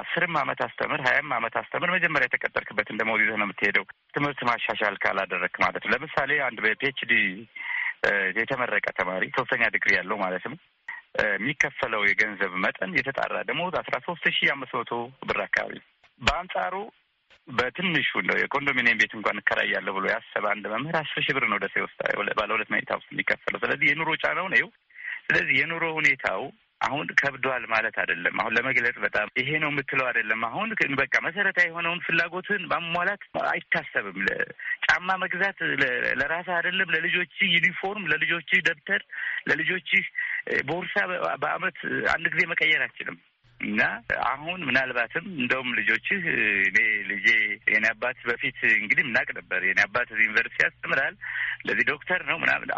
አስርም አመት አስተምር ሀያም አመት አስተምር መጀመሪያ የተቀጠርክበትን ደሞዝ ይዘህ ነው የምትሄደው፣ ትምህርት ማሻሻል ካላደረክ ማለት ነው። ለምሳሌ አንድ በፒኤችዲ የተመረቀ ተማሪ ሶስተኛ ዲግሪ ያለው ማለት ነው የሚከፈለው የገንዘብ መጠን የተጣራ ደሞዝ አስራ ሶስት ሺህ አምስት መቶ ብር አካባቢ በአንጻሩ በትንሹ እንደው የኮንዶሚኒየም ቤት እንኳን እከራያለሁ ብሎ ያሰበ አንድ መምህር አስር ሺህ ብር ነው ደሴ ውስጥ ባለ ሁለት መኝታ ውስጥ የሚከፈለው። ስለዚህ የኑሮ ጫናው ነው። ስለዚህ የኑሮ ሁኔታው አሁን ከብዷል ማለት አይደለም። አሁን ለመግለጽ በጣም ይሄ ነው የምትለው አይደለም። አሁን በቃ መሰረታዊ የሆነውን ፍላጎትን ማሟላት አይታሰብም። ጫማ መግዛት ለራስህ አይደለም፣ ለልጆች ዩኒፎርም፣ ለልጆች ደብተር፣ ለልጆች ቦርሳ በአመት አንድ ጊዜ መቀየር አችልም። እና አሁን ምናልባትም እንደውም ልጆችህ እኔ ልጄ የኔ አባት በፊት እንግዲህ ምናቅ ነበር። የኔ አባት ዩኒቨርሲቲ ያስተምራል ለዚህ ዶክተር ነው ምናምን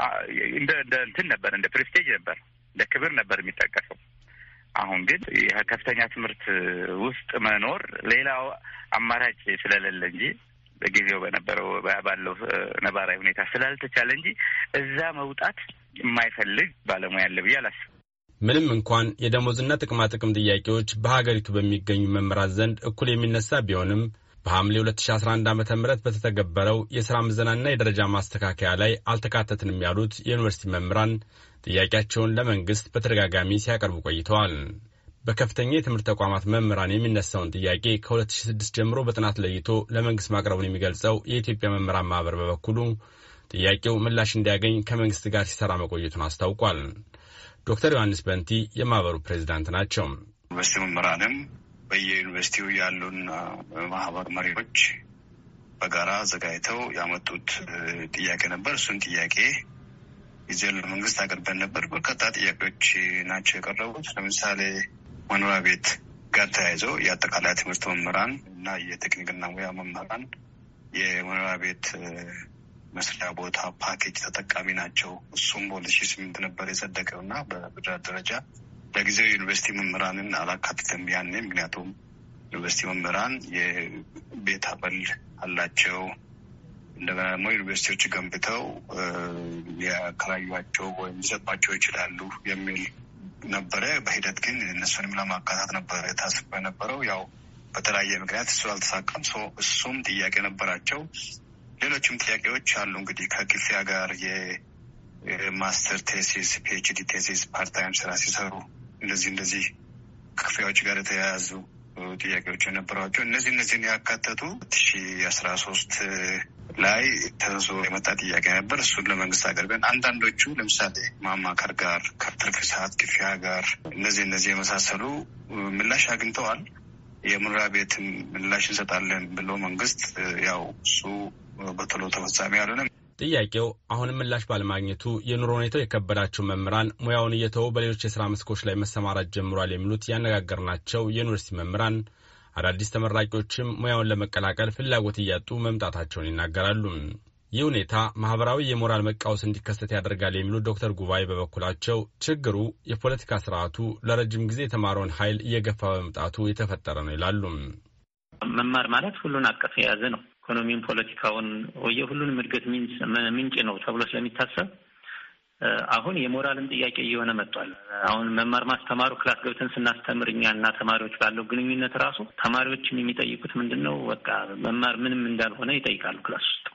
እንደ እንትን ነበር፣ እንደ ፕሬስቴጅ ነበር፣ እንደ ክብር ነበር የሚጠቀሰው። አሁን ግን የከፍተኛ ትምህርት ውስጥ መኖር ሌላው አማራጭ ስለሌለ እንጂ በጊዜው በነበረው ባለው ነባራዊ ሁኔታ ስላልተቻለ እንጂ እዛ መውጣት የማይፈልግ ባለሙያ አለ ብዬ አላስብም። ምንም እንኳን የደሞዝና ጥቅማጥቅም ጥያቄዎች በሀገሪቱ በሚገኙ መምህራን ዘንድ እኩል የሚነሳ ቢሆንም በሐምሌ 2011 ዓ ም በተተገበረው የሥራ ምዘናና የደረጃ ማስተካከያ ላይ አልተካተትንም ያሉት የዩኒቨርሲቲ መምህራን ጥያቄያቸውን ለመንግሥት በተደጋጋሚ ሲያቀርቡ ቆይተዋል። በከፍተኛ የትምህርት ተቋማት መምህራን የሚነሳውን ጥያቄ ከ2006 ጀምሮ በጥናት ለይቶ ለመንግሥት ማቅረቡን የሚገልጸው የኢትዮጵያ መምህራን ማኅበር በበኩሉ ጥያቄው ምላሽ እንዲያገኝ ከመንግሥት ጋር ሲሠራ መቆየቱን አስታውቋል። ዶክተር ዮሐንስ በንቲ የማህበሩ ፕሬዚዳንት ናቸው። ዩኒቨርሲቲ መምህራንም በየዩኒቨርሲቲው ያሉን ማህበር መሪዎች በጋራ ዘጋጅተው ያመጡት ጥያቄ ነበር። እሱን ጥያቄ ይዘን ለመንግስት አቅርበን ነበር። በርካታ ጥያቄዎች ናቸው የቀረቡት። ለምሳሌ መኖሪያ ቤት ጋር ተያይዘው የአጠቃላይ ትምህርት መምህራን እና የቴክኒክና ሙያ መምህራን የመኖሪያ ቤት መስሪያ ቦታ ፓኬጅ ተጠቃሚ ናቸው። እሱም በሁለት ሺህ ስምንት ነበር የጸደቀው እና በብድራት ደረጃ ለጊዜው የዩኒቨርሲቲ መምህራንን አላካትተም ያኔ ምክንያቱም ዩኒቨርሲቲ መምህራን የቤት አበል አላቸው። እንደገና ደግሞ ዩኒቨርሲቲዎች ገንብተው ሊያከራዩቸው ወይም ሊሰጧቸው ይችላሉ የሚል ነበረ። በሂደት ግን እነሱንም ለማካታት ነበረ ታስቦ የነበረው ያው በተለያየ ምክንያት እሱ አልተሳካም። እሱም ጥያቄ ነበራቸው። ሌሎችም ጥያቄዎች አሉ እንግዲህ ከግፊያ ጋር የማስተር ቴሲስ፣ ፒኤችዲ ቴሲስ ፓርታይም ስራ ሲሰሩ እንደዚህ እንደዚህ ክፍያዎች ጋር የተያያዙ ጥያቄዎች የነበሯቸው እነዚህ እነዚህን ያካተቱ ሺ አስራ ሶስት ላይ ተዞ የመጣ ጥያቄ ነበር። እሱን ለመንግስት አቅርበን አንዳንዶቹ ለምሳሌ ማማከር ጋር ከትርፍ ሰዓት ክፍያ ጋር እነዚህ እነዚህ የመሳሰሉ ምላሽ አግኝተዋል። የመኖሪያ ቤት ምላሽ እንሰጣለን ብሎ መንግስት ያው እሱ በቶሎ ተፈጻሚ አልሆነም። ጥያቄው አሁንም ምላሽ ባለማግኘቱ የኑሮ ሁኔታው የከበዳቸው መምህራን ሙያውን እየተው በሌሎች የስራ መስኮች ላይ መሰማራት ጀምሯል የሚሉት ያነጋገርናቸው የዩኒቨርሲቲ መምህራን አዳዲስ ተመራቂዎችም ሙያውን ለመቀላቀል ፍላጎት እያጡ መምጣታቸውን ይናገራሉ። ይህ ሁኔታ ማህበራዊ የሞራል መቃወስ እንዲከሰት ያደርጋል የሚሉት ዶክተር ጉባኤ በበኩላቸው ችግሩ የፖለቲካ ስርዓቱ ለረጅም ጊዜ የተማረውን ኃይል እየገፋ በመምጣቱ የተፈጠረ ነው ይላሉ። መማር ማለት ሁሉን አቀፍ የያዘ ነው። ኢኮኖሚውን፣ ፖለቲካውን የሁሉንም እድገት ምንጭ ነው ተብሎ ስለሚታሰብ አሁን የሞራልም ጥያቄ እየሆነ መጥቷል። አሁን መማር ማስተማሩ ክላስ ገብተን ስናስተምር እኛ እና ተማሪዎች ባለው ግንኙነት ራሱ ተማሪዎችን የሚጠይቁት ምንድን ነው? በቃ መማር ምንም እንዳልሆነ ይጠይቃሉ። ክላስ ውስጥ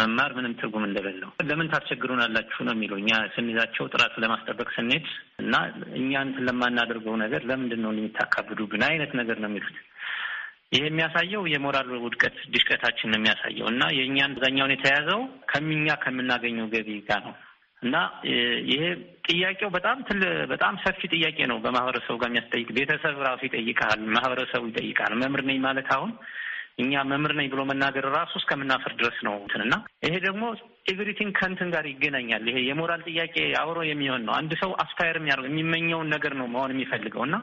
መማር ምንም ትርጉም እንደሌለው ለምን ታስቸግሩናላችሁ ነው የሚለው። እኛ ስንይዛቸው ጥራት ለማስጠበቅ ስንሄድ እና እኛ እንትን ለማናደርገው ነገር ለምንድን ነው እንደሚታካብዱብን አይነት ነገር ነው የሚሉት ይህ የሚያሳየው የሞራል ውድቀት ድሽቀታችን ነው የሚያሳየው እና የእኛን አብዛኛውን የተያዘው ከሚኛ ከምናገኘው ገቢ ጋር ነው እና ይሄ ጥያቄው በጣም ትል በጣም ሰፊ ጥያቄ ነው። በማህበረሰቡ ጋር የሚያስጠይቅ ቤተሰብ ራሱ ይጠይቃል፣ ማህበረሰቡ ይጠይቃል። መምህር ነኝ ማለት አሁን እኛ መምህር ነኝ ብሎ መናገር ራሱ እስከምናፈር ድረስ ነው እና ይሄ ደግሞ ኤቭሪቲንግ ከንትን ጋር ይገናኛል። ይሄ የሞራል ጥያቄ አብሮ የሚሆን ነው። አንድ ሰው አስፓየር የሚያደርገው የሚመኘውን ነገር ነው መሆን የሚፈልገው እና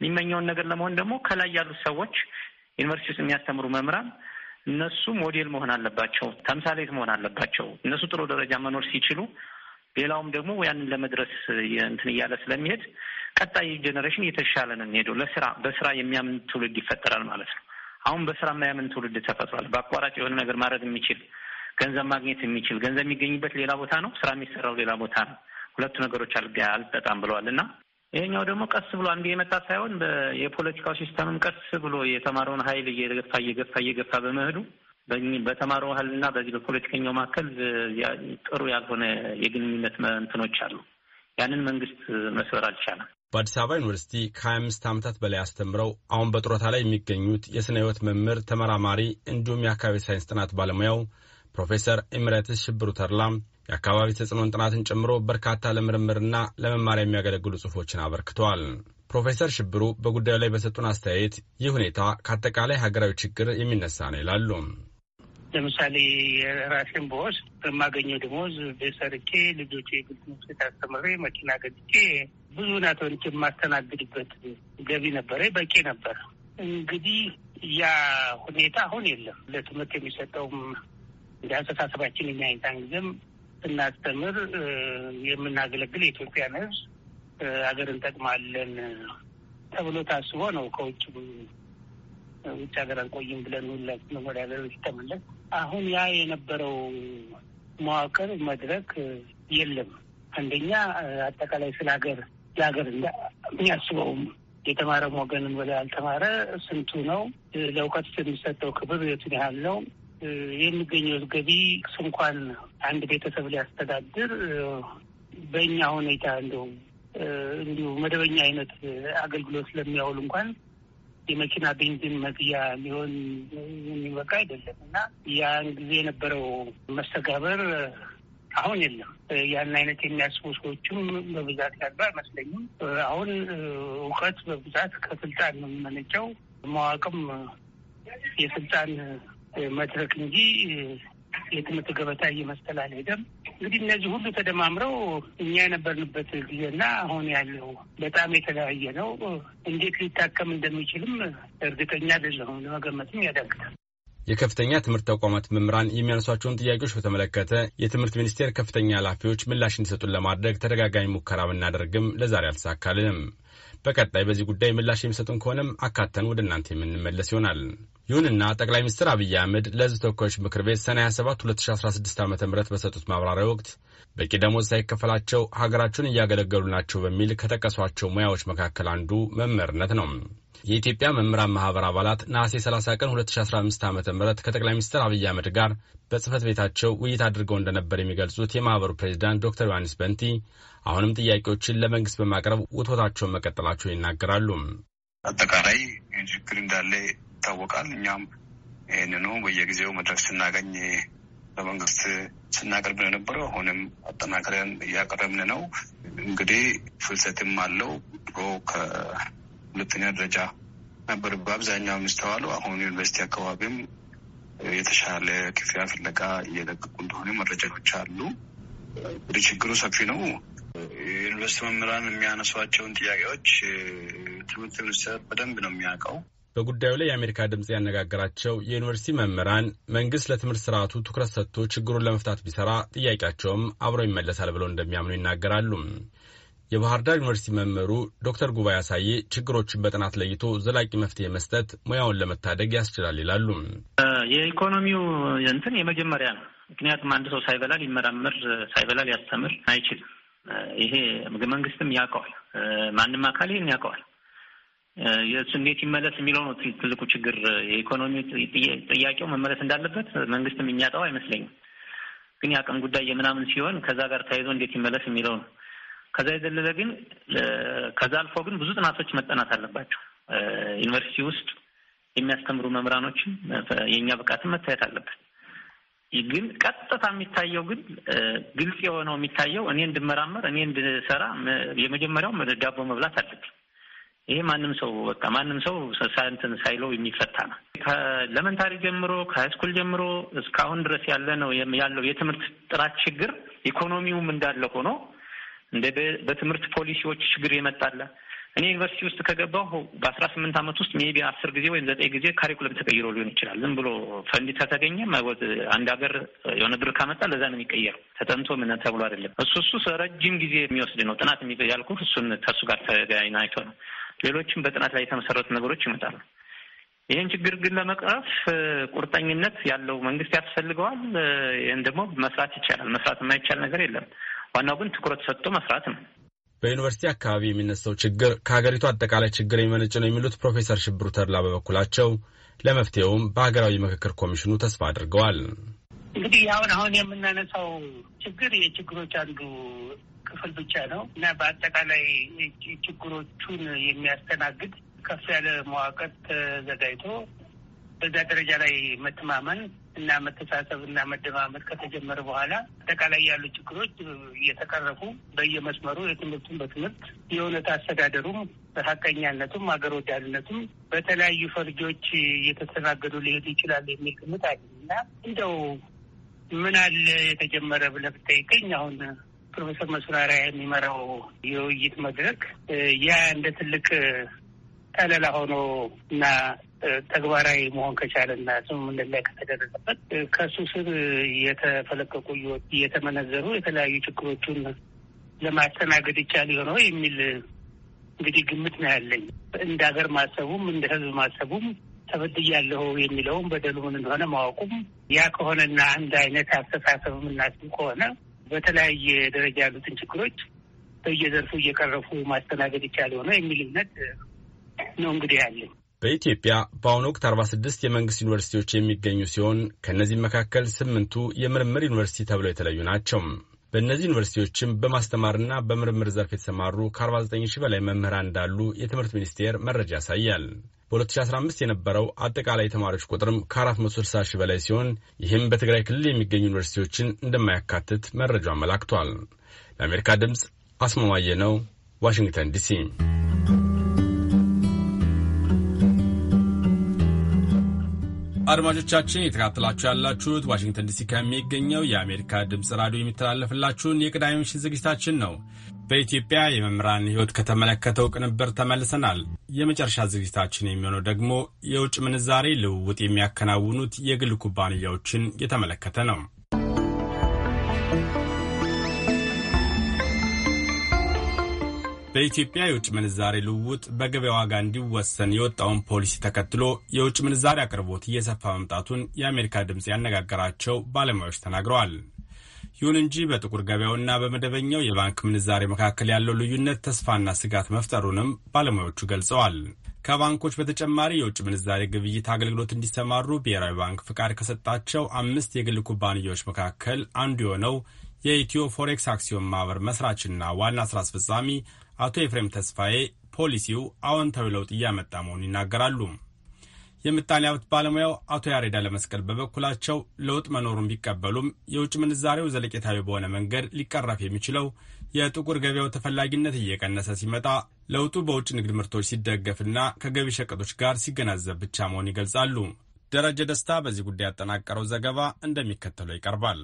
የሚመኘውን ነገር ለመሆን ደግሞ ከላይ ያሉት ሰዎች ዩኒቨርሲቲ ውስጥ የሚያስተምሩ መምህራን እነሱ ሞዴል መሆን አለባቸው፣ ተምሳሌት መሆን አለባቸው። እነሱ ጥሩ ደረጃ መኖር ሲችሉ ሌላውም ደግሞ ያንን ለመድረስ እንትን እያለ ስለሚሄድ ቀጣይ ጀኔሬሽን እየተሻለ ነው የሚሄደው። ለስራ በስራ የሚያምን ትውልድ ይፈጠራል ማለት ነው። አሁን በስራ የማያምን ትውልድ ተፈጥሯል። በአቋራጭ የሆነ ነገር ማድረግ የሚችል ገንዘብ ማግኘት የሚችል ገንዘብ የሚገኝበት ሌላ ቦታ ነው፣ ስራ የሚሰራው ሌላ ቦታ ነው። ሁለቱ ነገሮች አልጋ አልጠጣም ብለዋል እና ይሄኛው ደግሞ ቀስ ብሎ አንዱ የመጣ ሳይሆን የፖለቲካው ሲስተምም ቀስ ብሎ የተማረውን ኃይል እየገፋ እየገፋ እየገፋ በመሄዱ በተማረው ኃይልና በዚህ በፖለቲከኛው መካከል ጥሩ ያልሆነ የግንኙነት እንትኖች አሉ። ያንን መንግስት መስበር አልቻለም። በአዲስ አበባ ዩኒቨርሲቲ ከሀያ አምስት ዓመታት በላይ አስተምረው አሁን በጡረታ ላይ የሚገኙት የስነ ህይወት መምህር ተመራማሪ እንዲሁም የአካባቢ ሳይንስ ጥናት ባለሙያው ፕሮፌሰር ኢምረትስ ሽብሩ ተርላም የአካባቢ ተጽዕኖን ጥናትን ጨምሮ በርካታ ለምርምርና ለመማሪያ የሚያገለግሉ ጽሁፎችን አበርክተዋል። ፕሮፌሰር ሽብሩ በጉዳዩ ላይ በሰጡን አስተያየት ይህ ሁኔታ ከአጠቃላይ ሀገራዊ ችግር የሚነሳ ነው ይላሉ። ለምሳሌ የራሴን ቦስ በማገኘው ደሞዝ ቤሰርኬ ልጆች የግል ትምህርት ቤት አስተምሬ መኪና ገዝቼ ብዙ ናቶች የማስተናግድበት ገቢ ነበረ፣ በቂ ነበር። እንግዲህ ያ ሁኔታ አሁን የለም። ለትምህርት የሚሰጠውም እንደ አስተሳሰባችን የሚያይታን ጊዜም ስናስተምር የምናገለግል የኢትዮጵያን ሕዝብ ሀገር እንጠቅማለን ተብሎ ታስቦ ነው። ከውጭ ውጭ ሀገር አልቆይም ብለን ሁላችንም ወደ ሀገር ሲተመለስ አሁን ያ የነበረው መዋቅር መድረክ የለም። አንደኛ አጠቃላይ ስለ ሀገር ለሀገር የሚያስበውም የተማረም ወገንም ወደ አልተማረ ስንቱ ነው? ለእውቀት የሚሰጠው ክብር የቱን ያህል ነው? የሚገኘው ገቢ እንኳን አንድ ቤተሰብ ሊያስተዳድር በእኛ ሁኔታ እንደው እንዲሁ መደበኛ አይነት አገልግሎት ስለሚያውል እንኳን የመኪና ቤንዚን መግያ ሊሆን የሚበቃ አይደለም እና ያን ጊዜ የነበረው መስተጋበር አሁን የለም። ያን አይነት የሚያስቡ ሰዎችም በብዛት ያሉ አይመስለኝም። አሁን እውቀት በብዛት ከስልጣን ነው የሚመነጨው። ማዋቅም የስልጣን መድረክ እንጂ የትምህርት ገበታ እየመሰለ አልሄደም። እንግዲህ እነዚህ ሁሉ ተደማምረው እኛ የነበርንበት ጊዜና አሁን ያለው በጣም የተለያየ ነው። እንዴት ሊታከም እንደሚችልም እርግጠኛ አይደለሁም፣ ለመገመትም ያዳግታል። የከፍተኛ ትምህርት ተቋማት መምህራን የሚያነሷቸውን ጥያቄዎች በተመለከተ የትምህርት ሚኒስቴር ከፍተኛ ኃላፊዎች ምላሽ እንዲሰጡን ለማድረግ ተደጋጋሚ ሙከራ ብናደርግም ለዛሬ አልተሳካልንም። በቀጣይ በዚህ ጉዳይ ምላሽ የሚሰጡን ከሆነም አካተን ወደ እናንተ የምንመለስ ይሆናል። ይሁንና ጠቅላይ ሚኒስትር አብይ አህመድ ለህዝብ ተወካዮች ምክር ቤት ሰኔ 27 2016 ዓ ም በሰጡት ማብራሪያ ወቅት በቂ ደሞዝ ሳይከፈላቸው ሀገራቸውን እያገለገሉ ናቸው በሚል ከጠቀሷቸው ሙያዎች መካከል አንዱ መምህርነት ነው። የኢትዮጵያ መምህራን ማህበር አባላት ነሐሴ 30 ቀን 2015 ዓ ም ከጠቅላይ ሚኒስትር አብይ አህመድ ጋር በጽህፈት ቤታቸው ውይይት አድርገው እንደነበር የሚገልጹት የማህበሩ ፕሬዚዳንት ዶክተር ዮሐንስ በንቲ አሁንም ጥያቄዎችን ለመንግስት በማቅረብ ውትወታቸውን መቀጠላቸው ይናገራሉ። አጠቃላይ ችግር እንዳለ ይታወቃል። እኛም ይህንኑ በየጊዜው መድረክ ስናገኝ በመንግስት ስናቀርብ ነው የነበረው። አሁንም አጠናክረን እያቀረብን ነው። እንግዲህ ፍልሰትም አለው። ድሮ ከሁለተኛ ደረጃ ነበር በአብዛኛው የሚስተዋለው። አሁን ዩኒቨርሲቲ አካባቢም የተሻለ ክፍያ ፍለጋ እየለቀቁ እንደሆነ መረጃዎች አሉ። እንግዲህ ችግሩ ሰፊ ነው። የዩኒቨርስቲ መምህራን የሚያነሷቸውን ጥያቄዎች ትምህርት ሚኒስቴር በደንብ ነው የሚያውቀው። በጉዳዩ ላይ የአሜሪካ ድምፅ ያነጋገራቸው የዩኒቨርሲቲ መምህራን መንግስት ለትምህርት ስርዓቱ ትኩረት ሰጥቶ ችግሩን ለመፍታት ቢሰራ ጥያቄያቸውም አብሮ ይመለሳል ብለው እንደሚያምኑ ይናገራሉ። የባህር ዳር ዩኒቨርሲቲ መምህሩ ዶክተር ጉባኤ አሳዬ ችግሮችን በጥናት ለይቶ ዘላቂ መፍትሄ መስጠት ሙያውን ለመታደግ ያስችላል ይላሉ። የኢኮኖሚው እንትን የመጀመሪያ ነው። ምክንያቱም አንድ ሰው ሳይበላ ሊመራመር ሳይበላ ሊያስተምር አይችልም። ይሄ መንግስትም ያውቀዋል፣ ማንም አካል ይህን ያውቀዋል። እንዴት ይመለስ የሚለው ነው ትልቁ ችግር። የኢኮኖሚ ጥያቄው መመለስ እንዳለበት መንግስትም የሚያጣው አይመስለኝም። ግን የአቅም ጉዳይ የምናምን ሲሆን ከዛ ጋር ተያይዞ እንዴት ይመለስ የሚለው ነው። ከዛ የዘለለ ግን ከዛ አልፎ ግን ብዙ ጥናቶች መጠናት አለባቸው። ዩኒቨርሲቲ ውስጥ የሚያስተምሩ መምህራኖችም የእኛ ብቃትን መታየት አለበት። ግን ቀጥታ የሚታየው ግን ግልጽ የሆነው የሚታየው እኔ እንድመራመር እኔ እንድሰራ የመጀመሪያው ዳቦ መብላት አለብኝ ይሄ ማንም ሰው በቃ ማንም ሰው ሳንትን ሳይለው የሚፈታ ነው። ከኤለመንታሪ ጀምሮ ከሃይስኩል ጀምሮ እስካሁን ድረስ ያለ ነው ያለው የትምህርት ጥራት ችግር ኢኮኖሚውም እንዳለ ሆኖ እንደ በትምህርት ፖሊሲዎች ችግር የመጣለ እኔ ዩኒቨርሲቲ ውስጥ ከገባሁ በአስራ ስምንት ዓመት ውስጥ ሜቢ አስር ጊዜ ወይም ዘጠኝ ጊዜ ካሪኩለም ተቀይሮ ሊሆን ይችላል። ዝም ብሎ ፈንድ ተተገኘ አንድ ሀገር የሆነ ብር ካመጣ ለዛ ነው የሚቀየረው። ተጠንቶ ምን ተብሎ አይደለም። እሱ እሱ ረጅም ጊዜ የሚወስድ ነው። ጥናት ያልኩ እሱን ከእሱ ጋር ተገናኝቶ ነው። ሌሎችም በጥናት ላይ የተመሰረቱ ነገሮች ይመጣሉ። ይህን ችግር ግን ለመቅረፍ ቁርጠኝነት ያለው መንግስት ያስፈልገዋል። ይህን ደግሞ መስራት ይቻላል። መስራት የማይቻል ነገር የለም። ዋናው ግን ትኩረት ሰጥቶ መስራት ነው። በዩኒቨርሲቲ አካባቢ የሚነሳው ችግር ከሀገሪቱ አጠቃላይ ችግር የሚመነጭ ነው የሚሉት ፕሮፌሰር ሽብሩ ተድላ በበኩላቸው ለመፍትሄውም በሀገራዊ ምክክር ኮሚሽኑ ተስፋ አድርገዋል። እንግዲህ አሁን አሁን የምናነሳው ችግር የችግሮች አንዱ ክፍል ብቻ ነው እና በአጠቃላይ ችግሮቹን የሚያስተናግድ ከፍ ያለ መዋቅር ተዘጋጅቶ በዛ ደረጃ ላይ መተማመን እና መተሳሰብ እና መደማመጥ ከተጀመረ በኋላ አጠቃላይ ያሉ ችግሮች እየተቀረፉ በየመስመሩ የትምህርቱን በትምህርት የእውነት አስተዳደሩም በሀቀኛነቱም አገር ወዳድነቱም በተለያዩ ፈርጆች እየተስተናገዱ ሊሄዱ ይችላሉ የሚል ግምት አለ እና እንደው ምን አለ የተጀመረ ብለህ ብጠይቀኝ አሁን ፕሮፌሰር መስራሪያ የሚመራው የውይይት መድረክ ያ እንደ ትልቅ ጠለላ ሆኖ እና ተግባራዊ መሆን ከቻለና ስምምነት ላይ ከተደረሰበት ከእሱ ስር የተፈለቀቁ እየተመነዘሩ የተለያዩ ችግሮቹን ለማስተናገድ ይቻል ሆኖ የሚል እንግዲህ ግምት ነው ያለኝ። እንደ ሀገር ማሰቡም እንደ ህዝብ ማሰቡም ተበድያለሁ የሚለውም በደሉ ምን እንደሆነ ማወቁም ያ ከሆነና አንድ አይነት አስተሳሰብ የምናስብ ከሆነ በተለያየ ደረጃ ያሉትን ችግሮች በየዘርፉ እየቀረፉ ማስተናገድ ይቻል የሆነ የሚል እምነት ነው እንግዲህ ያለኝ። በኢትዮጵያ በአሁኑ ወቅት 46 የመንግስት ዩኒቨርሲቲዎች የሚገኙ ሲሆን ከእነዚህም መካከል ስምንቱ የምርምር ዩኒቨርሲቲ ተብለው የተለዩ ናቸው። በእነዚህ ዩኒቨርሲቲዎችም በማስተማርና በምርምር ዘርፍ የተሰማሩ ከ49 ሺህ በላይ መምህራን እንዳሉ የትምህርት ሚኒስቴር መረጃ ያሳያል። በ2015 የነበረው አጠቃላይ ተማሪዎች ቁጥርም ከ460 ሺህ በላይ ሲሆን ይህም በትግራይ ክልል የሚገኙ ዩኒቨርሲቲዎችን እንደማያካትት መረጃ አመላክቷል። ለአሜሪካ ድምፅ አስማማየ ነው፣ ዋሽንግተን ዲሲ። አድማጮቻችን የተካተላችሁ ያላችሁት ዋሽንግተን ዲሲ ከሚገኘው የአሜሪካ ድምፅ ራዲዮ የሚተላለፍላችሁን የቅዳሜ ምሽት ዝግጅታችን ነው። በኢትዮጵያ የመምህራን ሕይወት ከተመለከተው ቅንብር ተመልሰናል። የመጨረሻ ዝግጅታችን የሚሆነው ደግሞ የውጭ ምንዛሬ ልውውጥ የሚያከናውኑት የግል ኩባንያዎችን የተመለከተ ነው። በኢትዮጵያ የውጭ ምንዛሬ ልውውጥ በገበያ ዋጋ እንዲወሰን የወጣውን ፖሊሲ ተከትሎ የውጭ ምንዛሬ አቅርቦት እየሰፋ መምጣቱን የአሜሪካ ድምፅ ያነጋገራቸው ባለሙያዎች ተናግረዋል። ይሁን እንጂ በጥቁር ገበያውና በመደበኛው የባንክ ምንዛሬ መካከል ያለው ልዩነት ተስፋና ስጋት መፍጠሩንም ባለሙያዎቹ ገልጸዋል። ከባንኮች በተጨማሪ የውጭ ምንዛሬ ግብይት አገልግሎት እንዲሰማሩ ብሔራዊ ባንክ ፍቃድ ከሰጣቸው አምስት የግል ኩባንያዎች መካከል አንዱ የሆነው የኢትዮ ፎሬክስ አክሲዮን ማህበር መስራችና ዋና ስራ አስፈጻሚ አቶ ኤፍሬም ተስፋዬ ፖሊሲው አዎንታዊ ለውጥ እያመጣ መሆኑን ይናገራሉ። የምጣኔ ሀብት ባለሙያው አቶ ያሬዳ ለመስቀል በበኩላቸው ለውጥ መኖሩን ቢቀበሉም የውጭ ምንዛሬው ዘለቄታዊ በሆነ መንገድ ሊቀረፍ የሚችለው የጥቁር ገበያው ተፈላጊነት እየቀነሰ ሲመጣ ለውጡ በውጭ ንግድ ምርቶች ሲደገፍና ከገቢ ሸቀጦች ጋር ሲገናዘብ ብቻ መሆን ይገልጻሉ። ደረጀ ደስታ በዚህ ጉዳይ ያጠናቀረው ዘገባ እንደሚከተለው ይቀርባል።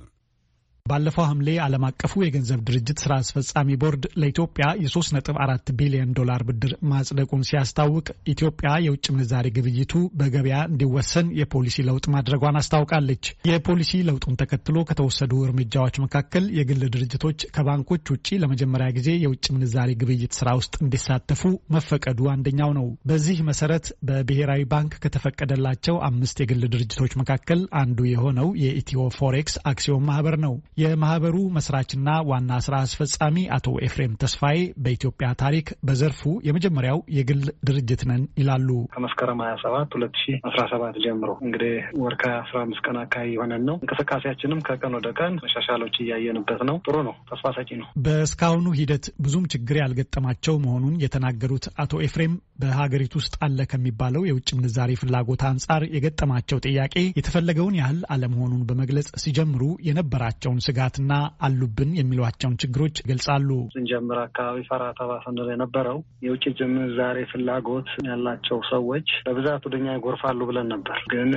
ባለፈው ሐምሌ ዓለም አቀፉ የገንዘብ ድርጅት ስራ አስፈጻሚ ቦርድ ለኢትዮጵያ የ3.4 ቢሊዮን ዶላር ብድር ማጽደቁን ሲያስታውቅ ኢትዮጵያ የውጭ ምንዛሬ ግብይቱ በገበያ እንዲወሰን የፖሊሲ ለውጥ ማድረጓን አስታውቃለች። የፖሊሲ ለውጡን ተከትሎ ከተወሰዱ እርምጃዎች መካከል የግል ድርጅቶች ከባንኮች ውጭ ለመጀመሪያ ጊዜ የውጭ ምንዛሬ ግብይት ስራ ውስጥ እንዲሳተፉ መፈቀዱ አንደኛው ነው። በዚህ መሰረት በብሔራዊ ባንክ ከተፈቀደላቸው አምስት የግል ድርጅቶች መካከል አንዱ የሆነው የኢትዮ ፎሬክስ አክሲዮን ማህበር ነው። የማህበሩ መስራችና ዋና ስራ አስፈጻሚ አቶ ኤፍሬም ተስፋዬ በኢትዮጵያ ታሪክ በዘርፉ የመጀመሪያው የግል ድርጅት ነን ይላሉ። ከመስከረም ሀያ ሰባት ሁለት ሺ አስራ ሰባት ጀምሮ እንግዲህ ወር ከአስራ አምስት ቀን አካባቢ የሆነን ነው። እንቅስቃሴያችንም ከቀን ወደ ቀን መሻሻሎች እያየንበት ነው። ጥሩ ነው። ተስፋ ሰጪ ነው። በእስካሁኑ ሂደት ብዙም ችግር ያልገጠማቸው መሆኑን የተናገሩት አቶ ኤፍሬም በሀገሪቱ ውስጥ አለ ከሚባለው የውጭ ምንዛሬ ፍላጎት አንጻር የገጠማቸው ጥያቄ የተፈለገውን ያህል አለመሆኑን በመግለጽ ሲጀምሩ የነበራቸውን ስጋትና አሉብን የሚሏቸውን ችግሮች ይገልጻሉ። ስንጀምር አካባቢ ፈራ ተባ ስንል የነበረው የውጭ ምንዛሬ ፍላጎት ያላቸው ሰዎች በብዛት ወደኛ ይጎርፋሉ ብለን ነበር። ግን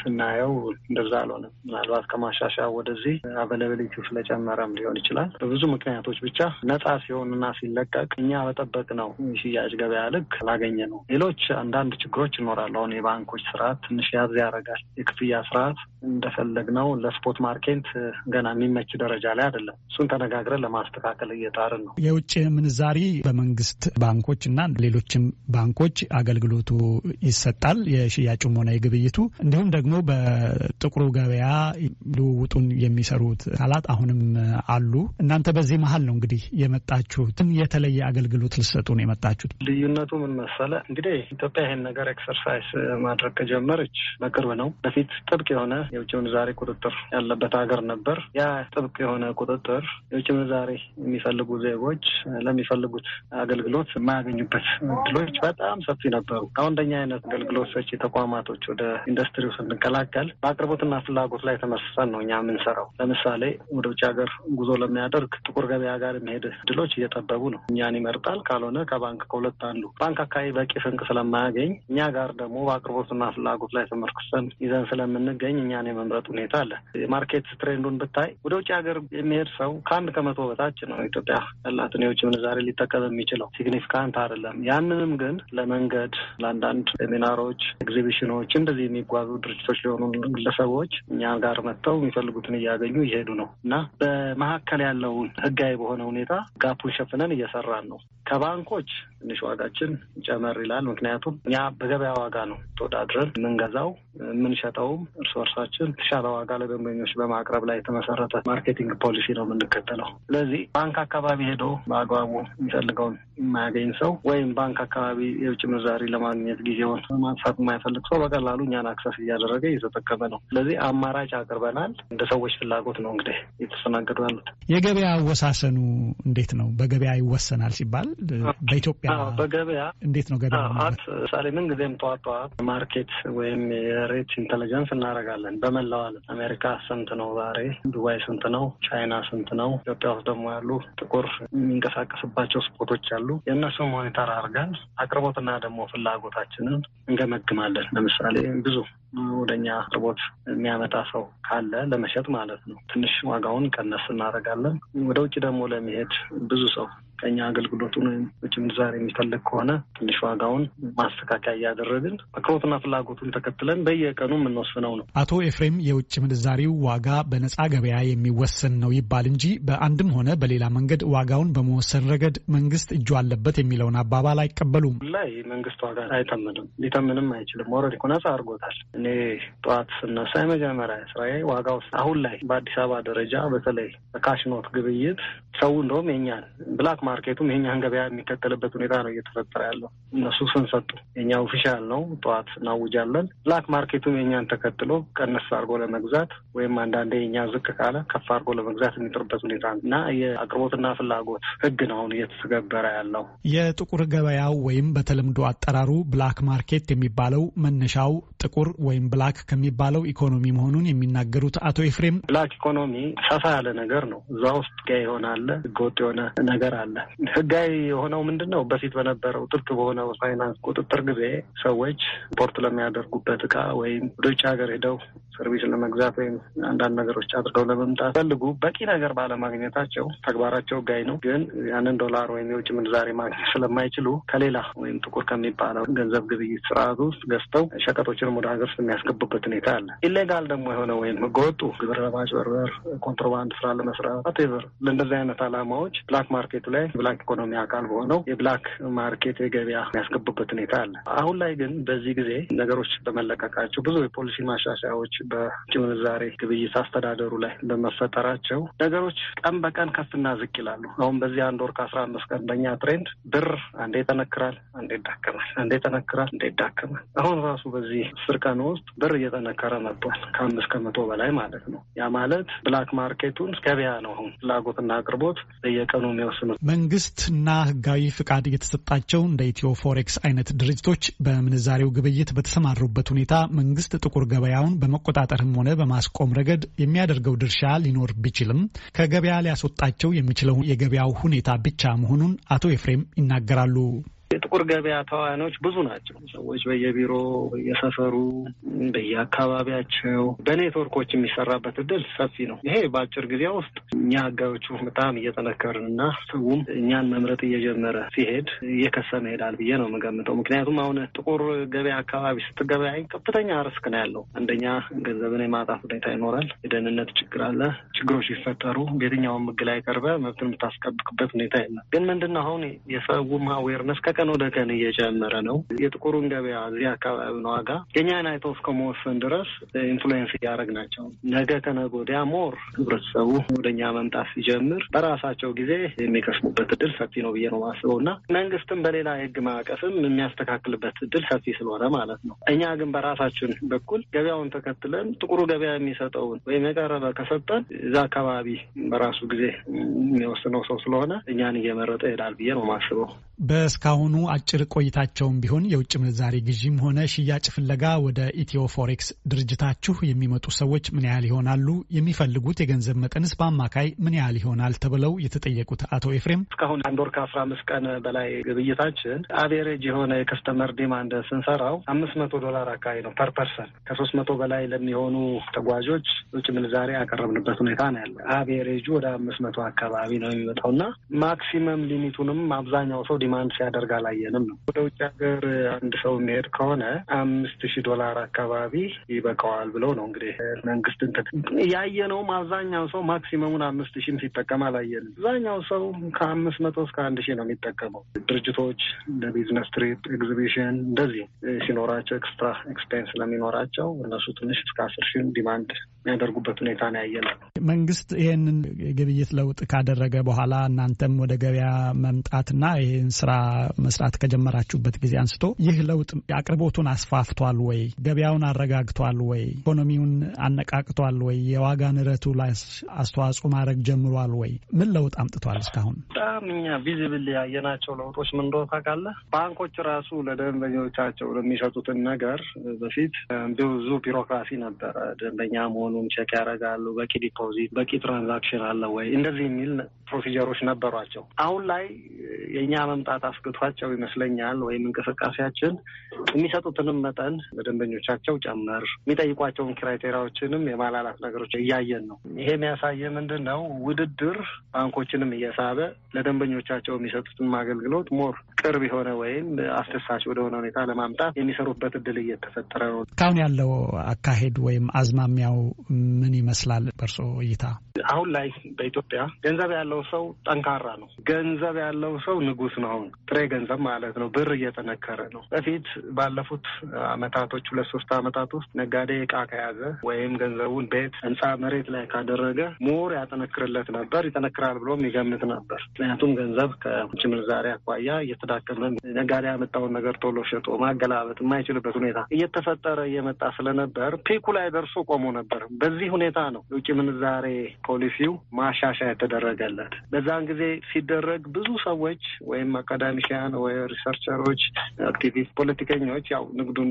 ስናየው እንደዛ አልሆነም። ምናልባት ከማሻሻያ ወደዚህ አቬላብሊቲ ስለጨመረም ሊሆን ይችላል። በብዙ ምክንያቶች ብቻ ነጻ ሲሆንና ሲለቀቅ እኛ በጠበቅ ነው ሽያጭ ገበያ ልክ ላገኘ ነው። ሌሎች አንዳንድ ችግሮች ይኖራሉ። አሁን የባንኮች ስርዓት ትንሽ ያዝ ያደርጋል። የክፍያ ስርዓት እንደፈለግነው ለስፖት ማርኬት ገና የሚመች ደረጃ ላይ አይደለም። እሱን ተነጋግረን ለማስተካከል እየጣርን ነው። የውጭ ምንዛሪ በመንግስት ባንኮች እና ሌሎችም ባንኮች አገልግሎቱ ይሰጣል፣ የሽያጩም ሆነ የግብይቱ። እንዲሁም ደግሞ በጥቁሩ ገበያ ልውውጡን የሚሰሩት አካላት አሁንም አሉ። እናንተ በዚህ መሀል ነው እንግዲህ የመጣችሁትን የተለየ አገልግሎት ልሰጡ ነው የመጣችሁት። ልዩነቱ ምን መሰለ? እንግዲህ ኢትዮጵያ ይሄን ነገር ኤክሰርሳይዝ ማድረግ ከጀመረች በቅርብ ነው። በፊት ጥብቅ የሆነ የውጭ ምንዛሬ ቁጥጥር ያለበት ሀገር ነበር። ያ ጥብቅ የሆነ ቁጥጥር የውጭ ምንዛሬ የሚፈልጉ ዜጎች ለሚፈልጉት አገልግሎት የማያገኙበት እድሎች በጣም ሰፊ ነበሩ። አሁን እንደኛ አይነት አገልግሎት ሰጪ ተቋማቶች ወደ ኢንዱስትሪው ስንቀላቀል በአቅርቦትና ፍላጎት ላይ ተመስሰን ነው እኛ የምንሰራው። ለምሳሌ ወደ ውጭ ሀገር ጉዞ ለሚያደርግ ጥቁር ገበያ ጋር የሚሄድ እድሎች እየጠበቡ ነው። እኛን ይመርጣል። ካልሆነ ከባንክ ከሁለት አንዱ ባንክ አካባቢ በቂ ስንቅ ስለማያገኝ እኛ ጋር ደግሞ በአቅርቦትና ፍላጎት ላይ ተመርክሰን ይዘን ስለምንገኝ እኛ እኛን የመምረጥ ሁኔታ አለ። የማርኬት ትሬንዱን ብታይ ወደ ውጭ ሀገር የሚሄድ ሰው ከአንድ ከመቶ በታች ነው ኢትዮጵያ ያላትን የውጭ ምንዛሬ ሊጠቀም የሚችለው ሲግኒፊካንት አይደለም። ያንንም ግን ለመንገድ ለአንዳንድ ሴሚናሮች፣ ኤግዚቢሽኖች እንደዚህ የሚጓዙ ድርጅቶች ሊሆኑ ግለሰቦች እኛ ጋር መጥተው የሚፈልጉትን እያገኙ እየሄዱ ነው እና በመካከል ያለውን ህጋዊ በሆነ ሁኔታ ጋፑን ሸፍነን እየሰራን ነው። ከባንኮች ትንሽ ዋጋችን ጨመር ይላል። ምክንያቱም እኛ በገበያ ዋጋ ነው ተወዳድረን የምንገዛው የምንሸጠውም እርስ በርሳ ምርቶቻችን ተሻለ ዋጋ ለደንበኞች በማቅረብ ላይ የተመሰረተ ማርኬቲንግ ፖሊሲ ነው የምንከተለው። ስለዚህ ባንክ አካባቢ ሄዶ በአግባቡ የሚፈልገውን የማያገኝ ሰው ወይም ባንክ አካባቢ የውጭ ምንዛሪ ለማግኘት ጊዜውን ማንሳት የማይፈልግ ሰው በቀላሉ እኛን አክሰስ እያደረገ እየተጠቀመ ነው። ስለዚህ አማራጭ አቅርበናል። እንደ ሰዎች ፍላጎት ነው እንግዲህ እየተስተናገዱ ያሉት። የገበያ አወሳሰኑ እንዴት ነው? በገበያ ይወሰናል ሲባል በኢትዮጵያ በገበያ እንዴት ነው ገበያ? ምሳሌ ምን ጊዜም ጠዋት ጠዋት ማርኬት ወይም የሬት ኢንቴሊጀንስ እናደርጋለን። በመላው አሜሪካ ስንት ነው ዛሬ? ዱባይ ስንት ነው? ቻይና ስንት ነው? ኢትዮጵያ ውስጥ ደግሞ ያሉ ጥቁር የሚንቀሳቀስባቸው ስፖቶች አሉ። የእነሱን ሞኒተር አድርገን አቅርቦትና ደግሞ ፍላጎታችንን እንገመግማለን። ለምሳሌ ብዙ ወደኛ አቅርቦት የሚያመጣ ሰው ካለ ለመሸጥ ማለት ነው፣ ትንሽ ዋጋውን ቀነስ እናደርጋለን። ወደ ውጭ ደግሞ ለመሄድ ብዙ ሰው ቀኛ አገልግሎቱን ውጭ ምንዛሬ የሚፈልግ ከሆነ ትንሽ ዋጋውን ማስተካከያ እያደረግን አቅርቦትና ፍላጎቱን ተከትለን በየቀኑ የምንወስነው ነው። አቶ ኤፍሬም የውጭ ምንዛሬው ዋጋ በነፃ ገበያ የሚወሰን ነው ይባል እንጂ በአንድም ሆነ በሌላ መንገድ ዋጋውን በመወሰን ረገድ መንግስት እጁ አለበት የሚለውን አባባል አይቀበሉም። ላይ መንግስት ዋጋ አይተምንም፣ ሊተምንም አይችልም። ወረድ እኮ አድርጎታል። እኔ ጠዋት ስነሳ የመጀመሪያ ስራዬ ዋጋው አሁን ላይ በአዲስ አበባ ደረጃ በተለይ በካሽኖት ግብይት ሰው እንደውም የኛል ብላክ ማርኬቱም የኛን ገበያ የሚከተልበት ሁኔታ ነው እየተፈጠረ ያለው። እነሱ ስንሰጡ የኛ ኦፊሻል ነው ጠዋት እናውጃለን። ብላክ ማርኬቱም የኛን ተከትሎ ቀነስ አድርጎ ለመግዛት ወይም አንዳንዴ የኛ ዝቅ ካለ ከፍ አድርጎ ለመግዛት የሚጥርበት ሁኔታ እና የአቅርቦትና ፍላጎት ህግ ነው አሁን እየተገበረ ያለው። የጥቁር ገበያው ወይም በተለምዶ አጠራሩ ብላክ ማርኬት የሚባለው መነሻው ጥቁር ወይም ብላክ ከሚባለው ኢኮኖሚ መሆኑን የሚናገሩት አቶ ኤፍሬም ብላክ ኢኮኖሚ ሰፋ ያለ ነገር ነው። እዛ ውስጥ ጋ የሆነ ህገወጥ የሆነ ነገር አለ ህጋዊ የሆነው ምንድን ነው? በፊት በነበረው ጥብቅ በሆነው ፋይናንስ ቁጥጥር ጊዜ ሰዎች ስፖርት ለሚያደርጉበት እቃ ወይም ወደ ውጭ ሀገር ሄደው ሰርቪስ ለመግዛት ወይም አንዳንድ ነገሮች አድርገው ለመምጣት ፈልጉ በቂ ነገር ባለማግኘታቸው ተግባራቸው ጋይ ነው። ግን ያንን ዶላር ወይም የውጭ ምንዛሬ ማግኘት ስለማይችሉ ከሌላ ወይም ጥቁር ከሚባለው ገንዘብ ግብይት ስርዓት ውስጥ ገዝተው ሸቀጦችንም ወደ ሀገር ውስጥ የሚያስገቡበት ሁኔታ አለ። ኢሌጋል ደግሞ የሆነ ወይም ህገወጡ ግብር ለማጭበርበር፣ ኮንትሮባንድ ስራ ለመስራት ቨር ለእንደዚህ አይነት አላማዎች ብላክ ማርኬቱ ላይ ብላክ ኢኮኖሚ አካል በሆነው የብላክ ማርኬት የገበያ የሚያስገቡበት ሁኔታ አለ። አሁን ላይ ግን በዚህ ጊዜ ነገሮች በመለቀቃቸው ብዙ የፖሊሲ ማሻሻያዎች በውጭ ምንዛሬ ግብይት አስተዳደሩ ላይ በመፈጠራቸው ነገሮች ቀን በቀን ከፍና ዝቅ ይላሉ። አሁን በዚህ አንድ ወር ከአስራ አምስት ቀን በእኛ ትሬንድ ብር አንዴ ይጠነክራል፣ አንዴ ይዳከማል፣ አንዴ ይጠነክራል፣ አንዴ ይዳከማል። አሁን ራሱ በዚህ አስር ቀን ውስጥ ብር እየጠነከረ መጥቷል፣ ከአምስት ከመቶ በላይ ማለት ነው። ያ ማለት ብላክ ማርኬቱን ገበያ ነው። አሁን ፍላጎትና አቅርቦት በየቀኑ የሚወስኑት መንግስትና ህጋዊ ፍቃድ እየተሰጣቸው እንደ ኢትዮ ፎሬክስ አይነት ድርጅቶች በምንዛሬው ግብይት በተሰማሩበት ሁኔታ መንግስት ጥቁር ገበያውን በመቆ በመቆጣጠርም ሆነ በማስቆም ረገድ የሚያደርገው ድርሻ ሊኖር ቢችልም ከገበያ ሊያስወጣቸው የሚችለው የገበያው ሁኔታ ብቻ መሆኑን አቶ ኤፍሬም ይናገራሉ። የጥቁር ገበያ ተዋናዮች ብዙ ናቸው። ሰዎች በየቢሮ በየሰፈሩ፣ በየአካባቢያቸው በኔትወርኮች የሚሰራበት እድል ሰፊ ነው። ይሄ በአጭር ጊዜ ውስጥ እኛ አጋዮቹ በጣም እየጠነከርን እና ሰውም እኛን መምረጥ እየጀመረ ሲሄድ እየከሰመ ይሄዳል ብዬ ነው የምገምተው። ምክንያቱም አሁን ጥቁር ገበያ አካባቢ ስትገበያይ ከፍተኛ ርስክ ነው ያለው። አንደኛ ገንዘብን የማጣት ሁኔታ ይኖራል። የደህንነት ችግር አለ። ችግሮች ሲፈጠሩ በየትኛውም ህግ ላይ መብትን የምታስጠብቅበት ሁኔታ የለም። ግን ምንድነው አሁን የሰውም አዌርነስ ከቀን ወደ ቀን እየጨመረ ነው። የጥቁሩን ገበያ እዚህ ነው ዋጋ የእኛን አይቶ እስከመወሰን ድረስ ኢንፍሉዌንስ እያደረግ ናቸው። ነገ ከነገ ወዲያ ሞር ህብረተሰቡ ወደ እኛ መምጣት ሲጀምር በራሳቸው ጊዜ የሚከስሙበት እድል ሰፊ ነው ብዬ ነው ማስበው እና መንግስትም በሌላ የህግ ማዕቀፍም የሚያስተካክልበት እድል ሰፊ ስለሆነ ማለት ነው። እኛ ግን በራሳችን በኩል ገበያውን ተከትለን ጥቁሩ ገበያ የሚሰጠውን ወይም የቀረበ ከሰጠን እዛ አካባቢ በራሱ ጊዜ የሚወስነው ሰው ስለሆነ እኛን እየመረጠ ይሄዳል ብዬ ነው ማስበው። በእስካሁን በአሁኑ አጭር ቆይታቸውም ቢሆን የውጭ ምንዛሬ ግዥም ሆነ ሽያጭ ፍለጋ ወደ ኢትዮ ፎሬክስ ድርጅታችሁ የሚመጡ ሰዎች ምን ያህል ይሆናሉ? የሚፈልጉት የገንዘብ መጠንስ በአማካይ ምን ያህል ይሆናል? ተብለው የተጠየቁት አቶ ኤፍሬም እስካሁን አንድ ወር ከአስራ አምስት ቀን በላይ ግብይታችን አቬሬጅ የሆነ የከስተመር ዲማንድ ስንሰራው አምስት መቶ ዶላር አካባቢ ነው ፐር ፐርሰን ከሶስት መቶ በላይ ለሚሆኑ ተጓዦች ውጭ ምንዛሬ ያቀረብንበት ሁኔታ ነው ያለ። አቬሬጁ ወደ አምስት መቶ አካባቢ ነው የሚመጣው እና ማክሲመም ሊሚቱንም አብዛኛው ሰው ዲማንድ ሲያደርግ አላየንም ነው። ወደ ውጭ ሀገር አንድ ሰው የሚሄድ ከሆነ አምስት ሺህ ዶላር አካባቢ ይበቃዋል ብለው ነው እንግዲህ መንግስትን ያየነውም አብዛኛው ሰው ማክሲመሙን አምስት ሺህም ሲጠቀም አላየንም። አብዛኛው ሰው ከአምስት መቶ እስከ አንድ ሺህ ነው የሚጠቀመው። ድርጅቶች ለቢዝነስ ትሪፕ፣ ኤግዚቢሽን እንደዚህ ሲኖራቸው ኤክስትራ ኤክስፔንስ ስለሚኖራቸው እነሱ ትንሽ እስከ አስር ሺህም ዲማንድ የሚያደርጉበት ሁኔታ ነው ያየነው። መንግስት ይህንን ግብይት ለውጥ ካደረገ በኋላ እናንተም ወደ ገበያ መምጣትና ይህን ስራ መስራት ከጀመራችሁበት ጊዜ አንስቶ ይህ ለውጥ አቅርቦቱን አስፋፍቷል ወይ? ገበያውን አረጋግቷል ወይ? ኢኮኖሚውን አነቃቅቷል ወይ? የዋጋ ንረቱ ላይ አስተዋጽኦ ማድረግ ጀምሯል ወይ? ምን ለውጥ አምጥቷል? እስካሁን በጣም እኛ ቪዚብል ያየናቸው ለውጦች ምን እንደሆነ ታውቃለህ? ባንኮች ራሱ ለደንበኞቻቸው ለሚሰጡትን ነገር በፊት ብዙ ቢሮክራሲ ነበረ። ደንበኛ መሆኑን ቼክ ያደርጋሉ። በቂ ዲፖዚት፣ በቂ ትራንዛክሽን አለ ወይ እንደዚህ የሚል ፕሮሲጀሮች ነበሯቸው። አሁን ላይ የእኛ መምጣት አስግቷቸው የምንሰጣቸው ይመስለኛል። ወይም እንቅስቃሴያችን የሚሰጡትንም መጠን ለደንበኞቻቸው ጨምር የሚጠይቋቸውን ክራይቴሪያዎችንም የማላላት ነገሮች እያየን ነው። ይሄ የሚያሳየ ምንድን ነው? ውድድር ባንኮችንም እየሳበ ለደንበኞቻቸው የሚሰጡትም አገልግሎት ሞር ቅርብ የሆነ ወይም አስደሳች ወደሆነ ሁኔታ ለማምጣት የሚሰሩበት እድል እየተፈጠረ ነው። እስካሁን ያለው አካሄድ ወይም አዝማሚያው ምን ይመስላል በእርስዎ እይታ? አሁን ላይ በኢትዮጵያ ገንዘብ ያለው ሰው ጠንካራ ነው። ገንዘብ ያለው ሰው ንጉስ ነው። አሁን ጥሬ ገንዘብ ማለት ነው። ብር እየጠነከረ ነው። በፊት ባለፉት አመታቶች ሁለት ሶስት አመታት ውስጥ ነጋዴ እቃ ከያዘ ወይም ገንዘቡን ቤት፣ ህንፃ፣ መሬት ላይ ካደረገ ሞር ያጠነክርለት ነበር ይጠነክራል ብሎም ይገምት ነበር። ምክንያቱም ገንዘብ ከውጭ ምንዛሪ አኳያ እየተዳከመ ነጋዴ ያመጣውን ነገር ቶሎ ሸጦ ማገላበጥ የማይችልበት ሁኔታ እየተፈጠረ እየመጣ ስለነበር ፒኩ ላይ ደርሶ ቆሞ ነበር። በዚህ ሁኔታ ነው የውጭ ምንዛሬ ፖሊሲው ማሻሻያ የተደረገለት በዛን ጊዜ ሲደረግ ብዙ ሰዎች ወይም አካዳሚሽያን ወይ ሪሰርቸሮች፣ አክቲቪስት፣ ፖለቲከኞች ያው ንግዱን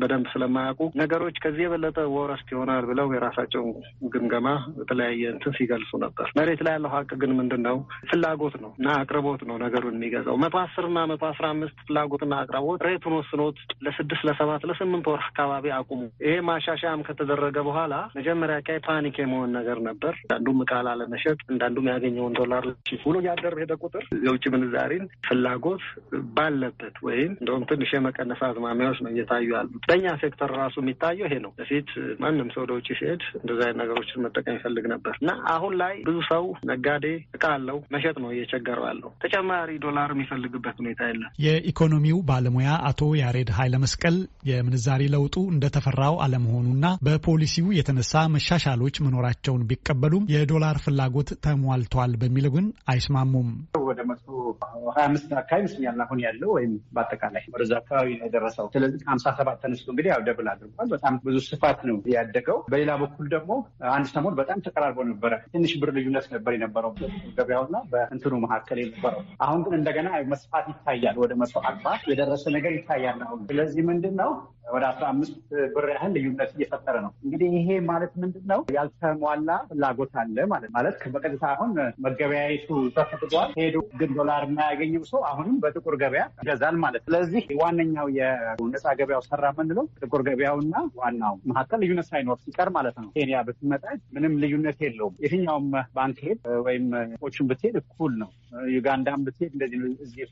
በደንብ ስለማያውቁ ነገሮች ከዚህ የበለጠ ወረስት ይሆናል ብለው የራሳቸውን ግምገማ በተለያየ እንትን ሲገልጹ ነበር። መሬት ላይ ያለው ሀቅ ግን ምንድን ነው? ፍላጎት ነው እና አቅርቦት ነው ነገሩን የሚገዛው። መቶ አስርና መቶ አስራ አምስት ፍላጎትና አቅርቦት ሬቱን ወስኖት ለስድስት ለሰባት ለስምንት ወር አካባቢ አቁሙ። ይሄ ማሻሻያም ከተደረገ በኋላ መጀመሪያ ቀይ ፓኒክ የመሆን ነገር ነበር። ነበር። አንዱም እቃ ላለመሸጥ እንዳንዱም ያገኘውን ዶላር ሁሉ ያደር ሄደ ቁጥር የውጭ ምንዛሪን ፍላጎት ባለበት ወይም እንደውም ትንሽ የመቀነስ አዝማሚያዎች ነው እየታዩ ያሉት። በእኛ ሴክተር ራሱ የሚታየው ይሄ ነው። በፊት ማንም ሰው ወደ ውጭ ሲሄድ እንደዚ አይነት ነገሮችን መጠቀም ይፈልግ ነበር እና አሁን ላይ ብዙ ሰው ነጋዴ እቃ አለው መሸጥ ነው እየቸገረው ያለው። ተጨማሪ ዶላር የሚፈልግበት ሁኔታ የለም። የኢኮኖሚው ባለሙያ አቶ ያሬድ ኃይለ መስቀል የምንዛሪ ለውጡ እንደተፈራው አለመሆኑና በፖሊሲው የተነሳ መሻሻሎች መኖራቸውን ቢቀ ቢቀበሉም የዶላር ፍላጎት ተሟልቷል በሚለው ግን አይስማሙም። ወደ መቶ ሀያ አምስት አካባቢ ይመስለኛል አሁን ያለው ወይም በአጠቃላይ ወደዛ አካባቢ ነው የደረሰው። ስለዚህ ከሀምሳ ሰባት ተነስቶ እንግዲህ ያው ደብል አድርጓል። በጣም ብዙ ስፋት ነው ያደገው። በሌላ በኩል ደግሞ አንድ ሰሞን በጣም ተቀራርቦ ነበረ። ትንሽ ብር ልዩነት ነበር የነበረው ገበያውና በእንትኑ መካከል የነበረው። አሁን ግን እንደገና መስፋት ይታያል። ወደ መቶ አርባ የደረሰ ነገር ይታያል አሁን። ስለዚህ ምንድን ነው ወደ አስራ አምስት ብር ያህል ልዩነት እየፈጠረ ነው። እንግዲህ ይሄ ማለት ምንድን ነው ያልተሟላ ፍላጎት አለ ማለት ማለት በቀጥታ አሁን መገበያየቱ ተፈቅዷል። ሄዱ ግን ዶላር የማያገኘው ሰው አሁንም በጥቁር ገበያ ይገዛል ማለት። ስለዚህ ዋነኛው የነፃ ገበያው ሰራ የምንለው ጥቁር ገበያውና ዋናው መካከል ልዩነት ሳይኖር ሲቀር ማለት ነው። ኬንያ ብትመጣ ምንም ልዩነት የለውም። የትኛውም ባንክ ሄድ ወይም ችን ብትሄድ እኩል ነው። ዩጋንዳም ብትሄድ እንደዚህ ነው። እዚህ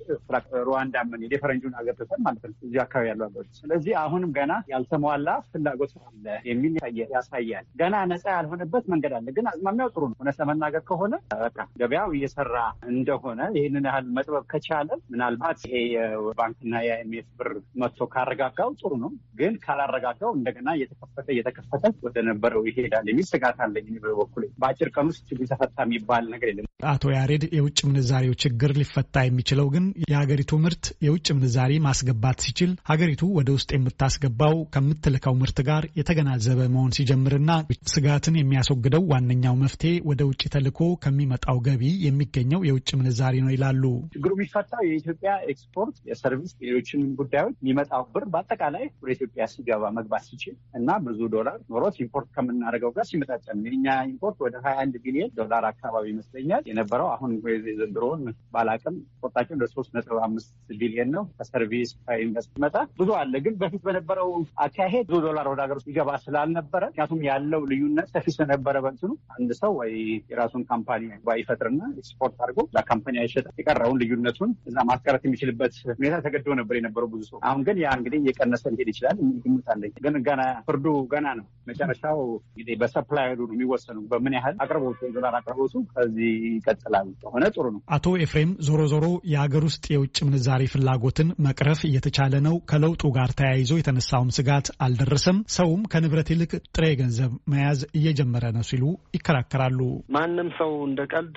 ሩዋንዳ ምን የፈረንጁን አገር ማለት ነው እዚህ አካባቢ ያሉ አገሮች። ስለዚህ አሁንም ገና ያልተሟላ ፍላጎት አለ የሚል ያሳያል። ገና ነፃ ያልሆነበት መንገድ አለ ግን ግን አዝማሚያው ጥሩ ነው። እውነት ለመናገር ከሆነ በቃ ገበያው እየሰራ እንደሆነ ይህንን ያህል መጥበብ ከቻለ ምናልባት ይሄ የባንክና የአይምኤፍ ብር መጥቶ ካረጋጋው ጥሩ ነው። ግን ካላረጋጋው እንደገና እየተከፈተ እየተከፈተ ወደነበረው ይሄዳል የሚል ስጋት አለኝ በበኩሌ። በአጭር ቀን ውስጥ ችግር ተፈታ የሚባል ነገር የለም። አቶ ያሬድ የውጭ ምንዛሬው ችግር ሊፈታ የሚችለው ግን የሀገሪቱ ምርት የውጭ ምንዛሬ ማስገባት ሲችል ሀገሪቱ ወደ ውስጥ የምታስገባው ከምትልከው ምርት ጋር የተገናዘበ መሆን ሲጀምርና ስጋትን የሚያስወግደው ዋነ ዋነኛው መፍትሄ ወደ ውጭ ተልኮ ከሚመጣው ገቢ የሚገኘው የውጭ ምንዛሬ ነው ይላሉ። ችግሩ የሚፈታው የኢትዮጵያ ኤክስፖርት፣ የሰርቪስ፣ ሌሎችን ጉዳዮች የሚመጣው ብር በአጠቃላይ ወደ ኢትዮጵያ ሲገባ መግባት ሲችል እና ብዙ ዶላር ኖሮት ኢምፖርት ከምናደርገው ጋር ሲመጣጠን የኛ ኢምፖርት ወደ ሀያ አንድ ቢሊዮን ዶላር አካባቢ ይመስለኛል የነበረው አሁን ዘንድሮን ባላቅም ኢምፖርታችን ወደ ሶስት ነጥብ አምስት ቢሊዮን ነው ከሰርቪስ ከኢንቨስት መጣ ብዙ አለ። ግን በፊት በነበረው አካሄድ ብዙ ዶላር ወደ ሀገር ውስጥ ይገባ ስላልነበረ ምክንያቱም ያለው ልዩነት ሰፊ ስለነበረ በንትኑ አንድ ሰው ወይ የራሱን ካምፓኒ ባይፈጥርና ኤክስፖርት አድርጎ ለካምፓኒ አይሸጥ የቀረውን ልዩነቱን እዛ ማስቀረት የሚችልበት ሁኔታ ተገዶ ነበር የነበረው ብዙ ሰው። አሁን ግን ያ እንግዲህ እየቀነሰ ሊሄድ ይችላል የሚል ግምት አለኝ። ግን ገና ፍርዱ ገና ነው። መጨረሻው እንግዲህ በሰፕላይ ነው የሚወሰኑ በምን ያህል አቅርቦቱ ዶላር አቅርቦቱ ከዚህ ይቀጥላል ከሆነ ጥሩ ነው። አቶ ኤፍሬም ዞሮ ዞሮ የሀገር ውስጥ የውጭ ምንዛሬ ፍላጎትን መቅረፍ እየተቻለ ነው። ከለውጡ ጋር ተያይዞ የተነሳውም ስጋት አልደረሰም። ሰውም ከንብረት ይልቅ ጥሬ ገንዘብ መያዝ እየጀመረ ነው ሲሉ ይከራከራሉ። ማንም ሰው እንደ ቀልድ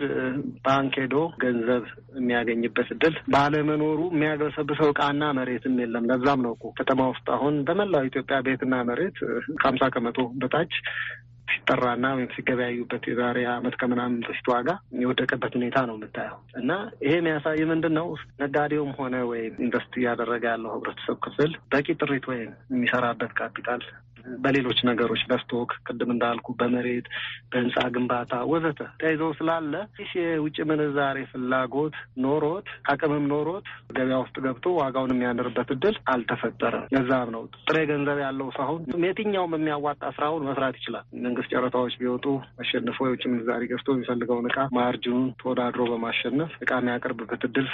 ባንክ ሄዶ ገንዘብ የሚያገኝበት እድል ባለመኖሩ የሚያገሰብሰው እቃና መሬትም የለም። ለዛም ነው እኮ ከተማ ውስጥ አሁን በመላው ኢትዮጵያ ቤትና መሬት ከሀምሳ ከመቶ በታች ሲጠራና ወይም ሲገበያዩበት የዛሬ ዓመት ከምናምን በፊት ዋጋ የወደቀበት ሁኔታ ነው የምታየው። እና ይሄ የሚያሳይ ምንድን ነው? ነጋዴውም ሆነ ወይም ኢንቨስት እያደረገ ያለው ህብረተሰብ ክፍል በቂ ጥሪት ወይም የሚሰራበት ካፒታል በሌሎች ነገሮች በስቶክ ቅድም እንዳልኩ በመሬት በህንፃ ግንባታ ወዘተ ተያይዘው ስላለ ይህ የውጭ ምንዛሬ ፍላጎት ኖሮት አቅምም ኖሮት ገበያ ውስጥ ገብቶ ዋጋውን የሚያንርበት እድል አልተፈጠረም። ለዛም ነው ጥሬ ገንዘብ ያለው ሳሁን የትኛውም የሚያዋጣ ስራውን መስራት ይችላል። መንግስት ጨረታዎች ቢወጡ አሸንፎ የውጭ ምንዛሬ ገብቶ የሚፈልገውን እቃ ማርጅኑን ተወዳድሮ በማሸነፍ እቃ የሚያቀርብበት እድል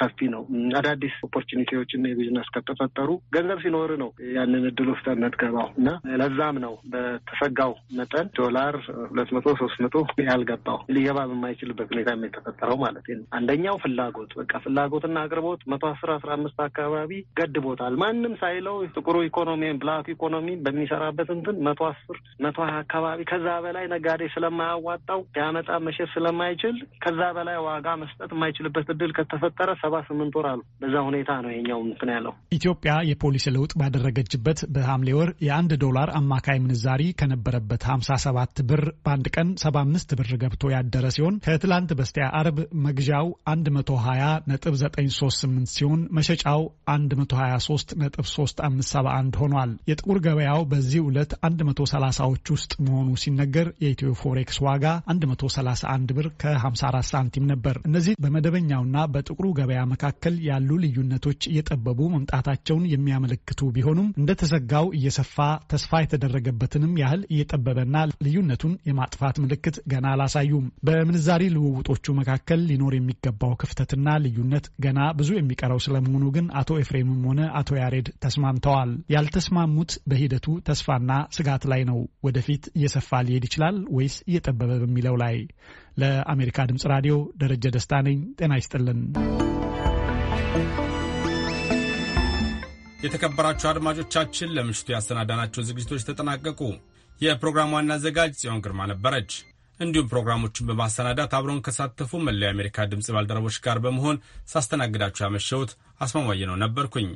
ሰፊ ነው። አዳዲስ ኦፖርቹኒቲዎችና የቢዝነስ ከተፈጠሩ ገንዘብ ሲኖር ነው ያንን እድል ውስጥ እንድትገባው እና እና ለዛም ነው በተሰጋው መጠን ዶላር ሁለት መቶ ሶስት መቶ ያልገባው ሊገባ በማይችልበት ሁኔታ የተፈጠረው ማለት ነው። አንደኛው ፍላጎት በቃ ፍላጎትና አቅርቦት መቶ አስር አስራ አምስት አካባቢ ገድቦታል። ማንም ሳይለው ጥቁሩ ኢኮኖሚ ብላክ ኢኮኖሚ በሚሰራበት እንትን መቶ አስር መቶ አካባቢ ከዛ በላይ ነጋዴ ስለማያዋጣው ያመጣ መሸጥ ስለማይችል ከዛ በላይ ዋጋ መስጠት የማይችልበት እድል ከተፈጠረ ሰባ ስምንት ወር አሉ። በዛ ሁኔታ ነው የኛው እንትን ያለው ኢትዮጵያ የፖሊሲ ለውጥ ባደረገችበት በሐምሌ ወር የአንድ የአንድ ዶላር አማካይ ምንዛሪ ከነበረበት 57 ብር በአንድ ቀን 75 ብር ገብቶ ያደረ ሲሆን ከትላንት በስቲያ አርብ መግዣው 120.938 ሲሆን መሸጫው 123.3571 ሆኗል። የጥቁር ገበያው በዚህ ዕለት 130ዎች ውስጥ መሆኑ ሲነገር የኢትዮ ፎሬክስ ዋጋ 131 ብር ከ54 ሳንቲም ነበር። እነዚህ በመደበኛውና በጥቁሩ ገበያ መካከል ያሉ ልዩነቶች እየጠበቡ መምጣታቸውን የሚያመለክቱ ቢሆኑም እንደተዘጋው እየሰፋ ተስፋ የተደረገበትንም ያህል እየጠበበና ልዩነቱን የማጥፋት ምልክት ገና አላሳዩም። በምንዛሪ ልውውጦቹ መካከል ሊኖር የሚገባው ክፍተትና ልዩነት ገና ብዙ የሚቀረው ስለመሆኑ ግን አቶ ኤፍሬምም ሆነ አቶ ያሬድ ተስማምተዋል። ያልተስማሙት በሂደቱ ተስፋና ስጋት ላይ ነው። ወደፊት እየሰፋ ሊሄድ ይችላል ወይስ እየጠበበ በሚለው ላይ። ለአሜሪካ ድምጽ ራዲዮ ደረጀ ደስታ ነኝ። ጤና ይስጥልን። የተከበራችሁ አድማጮቻችን ለምሽቱ ያሰናዳናቸው ዝግጅቶች ተጠናቀቁ። የፕሮግራም ዋና አዘጋጅ ጽዮን ግርማ ነበረች። እንዲሁም ፕሮግራሞቹን በማሰናዳት አብረውን ከሳተፉ መላው የአሜሪካ ድምፅ ባልደረቦች ጋር በመሆን ሳስተናግዳችሁ ያመሸሁት አስማማየ ነው ነበርኩኝ።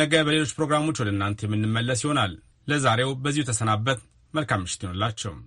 ነገ በሌሎች ፕሮግራሞች ወደ እናንተ የምንመለስ ይሆናል። ለዛሬው በዚሁ ተሰናበት። መልካም ምሽት ይሆንላቸው።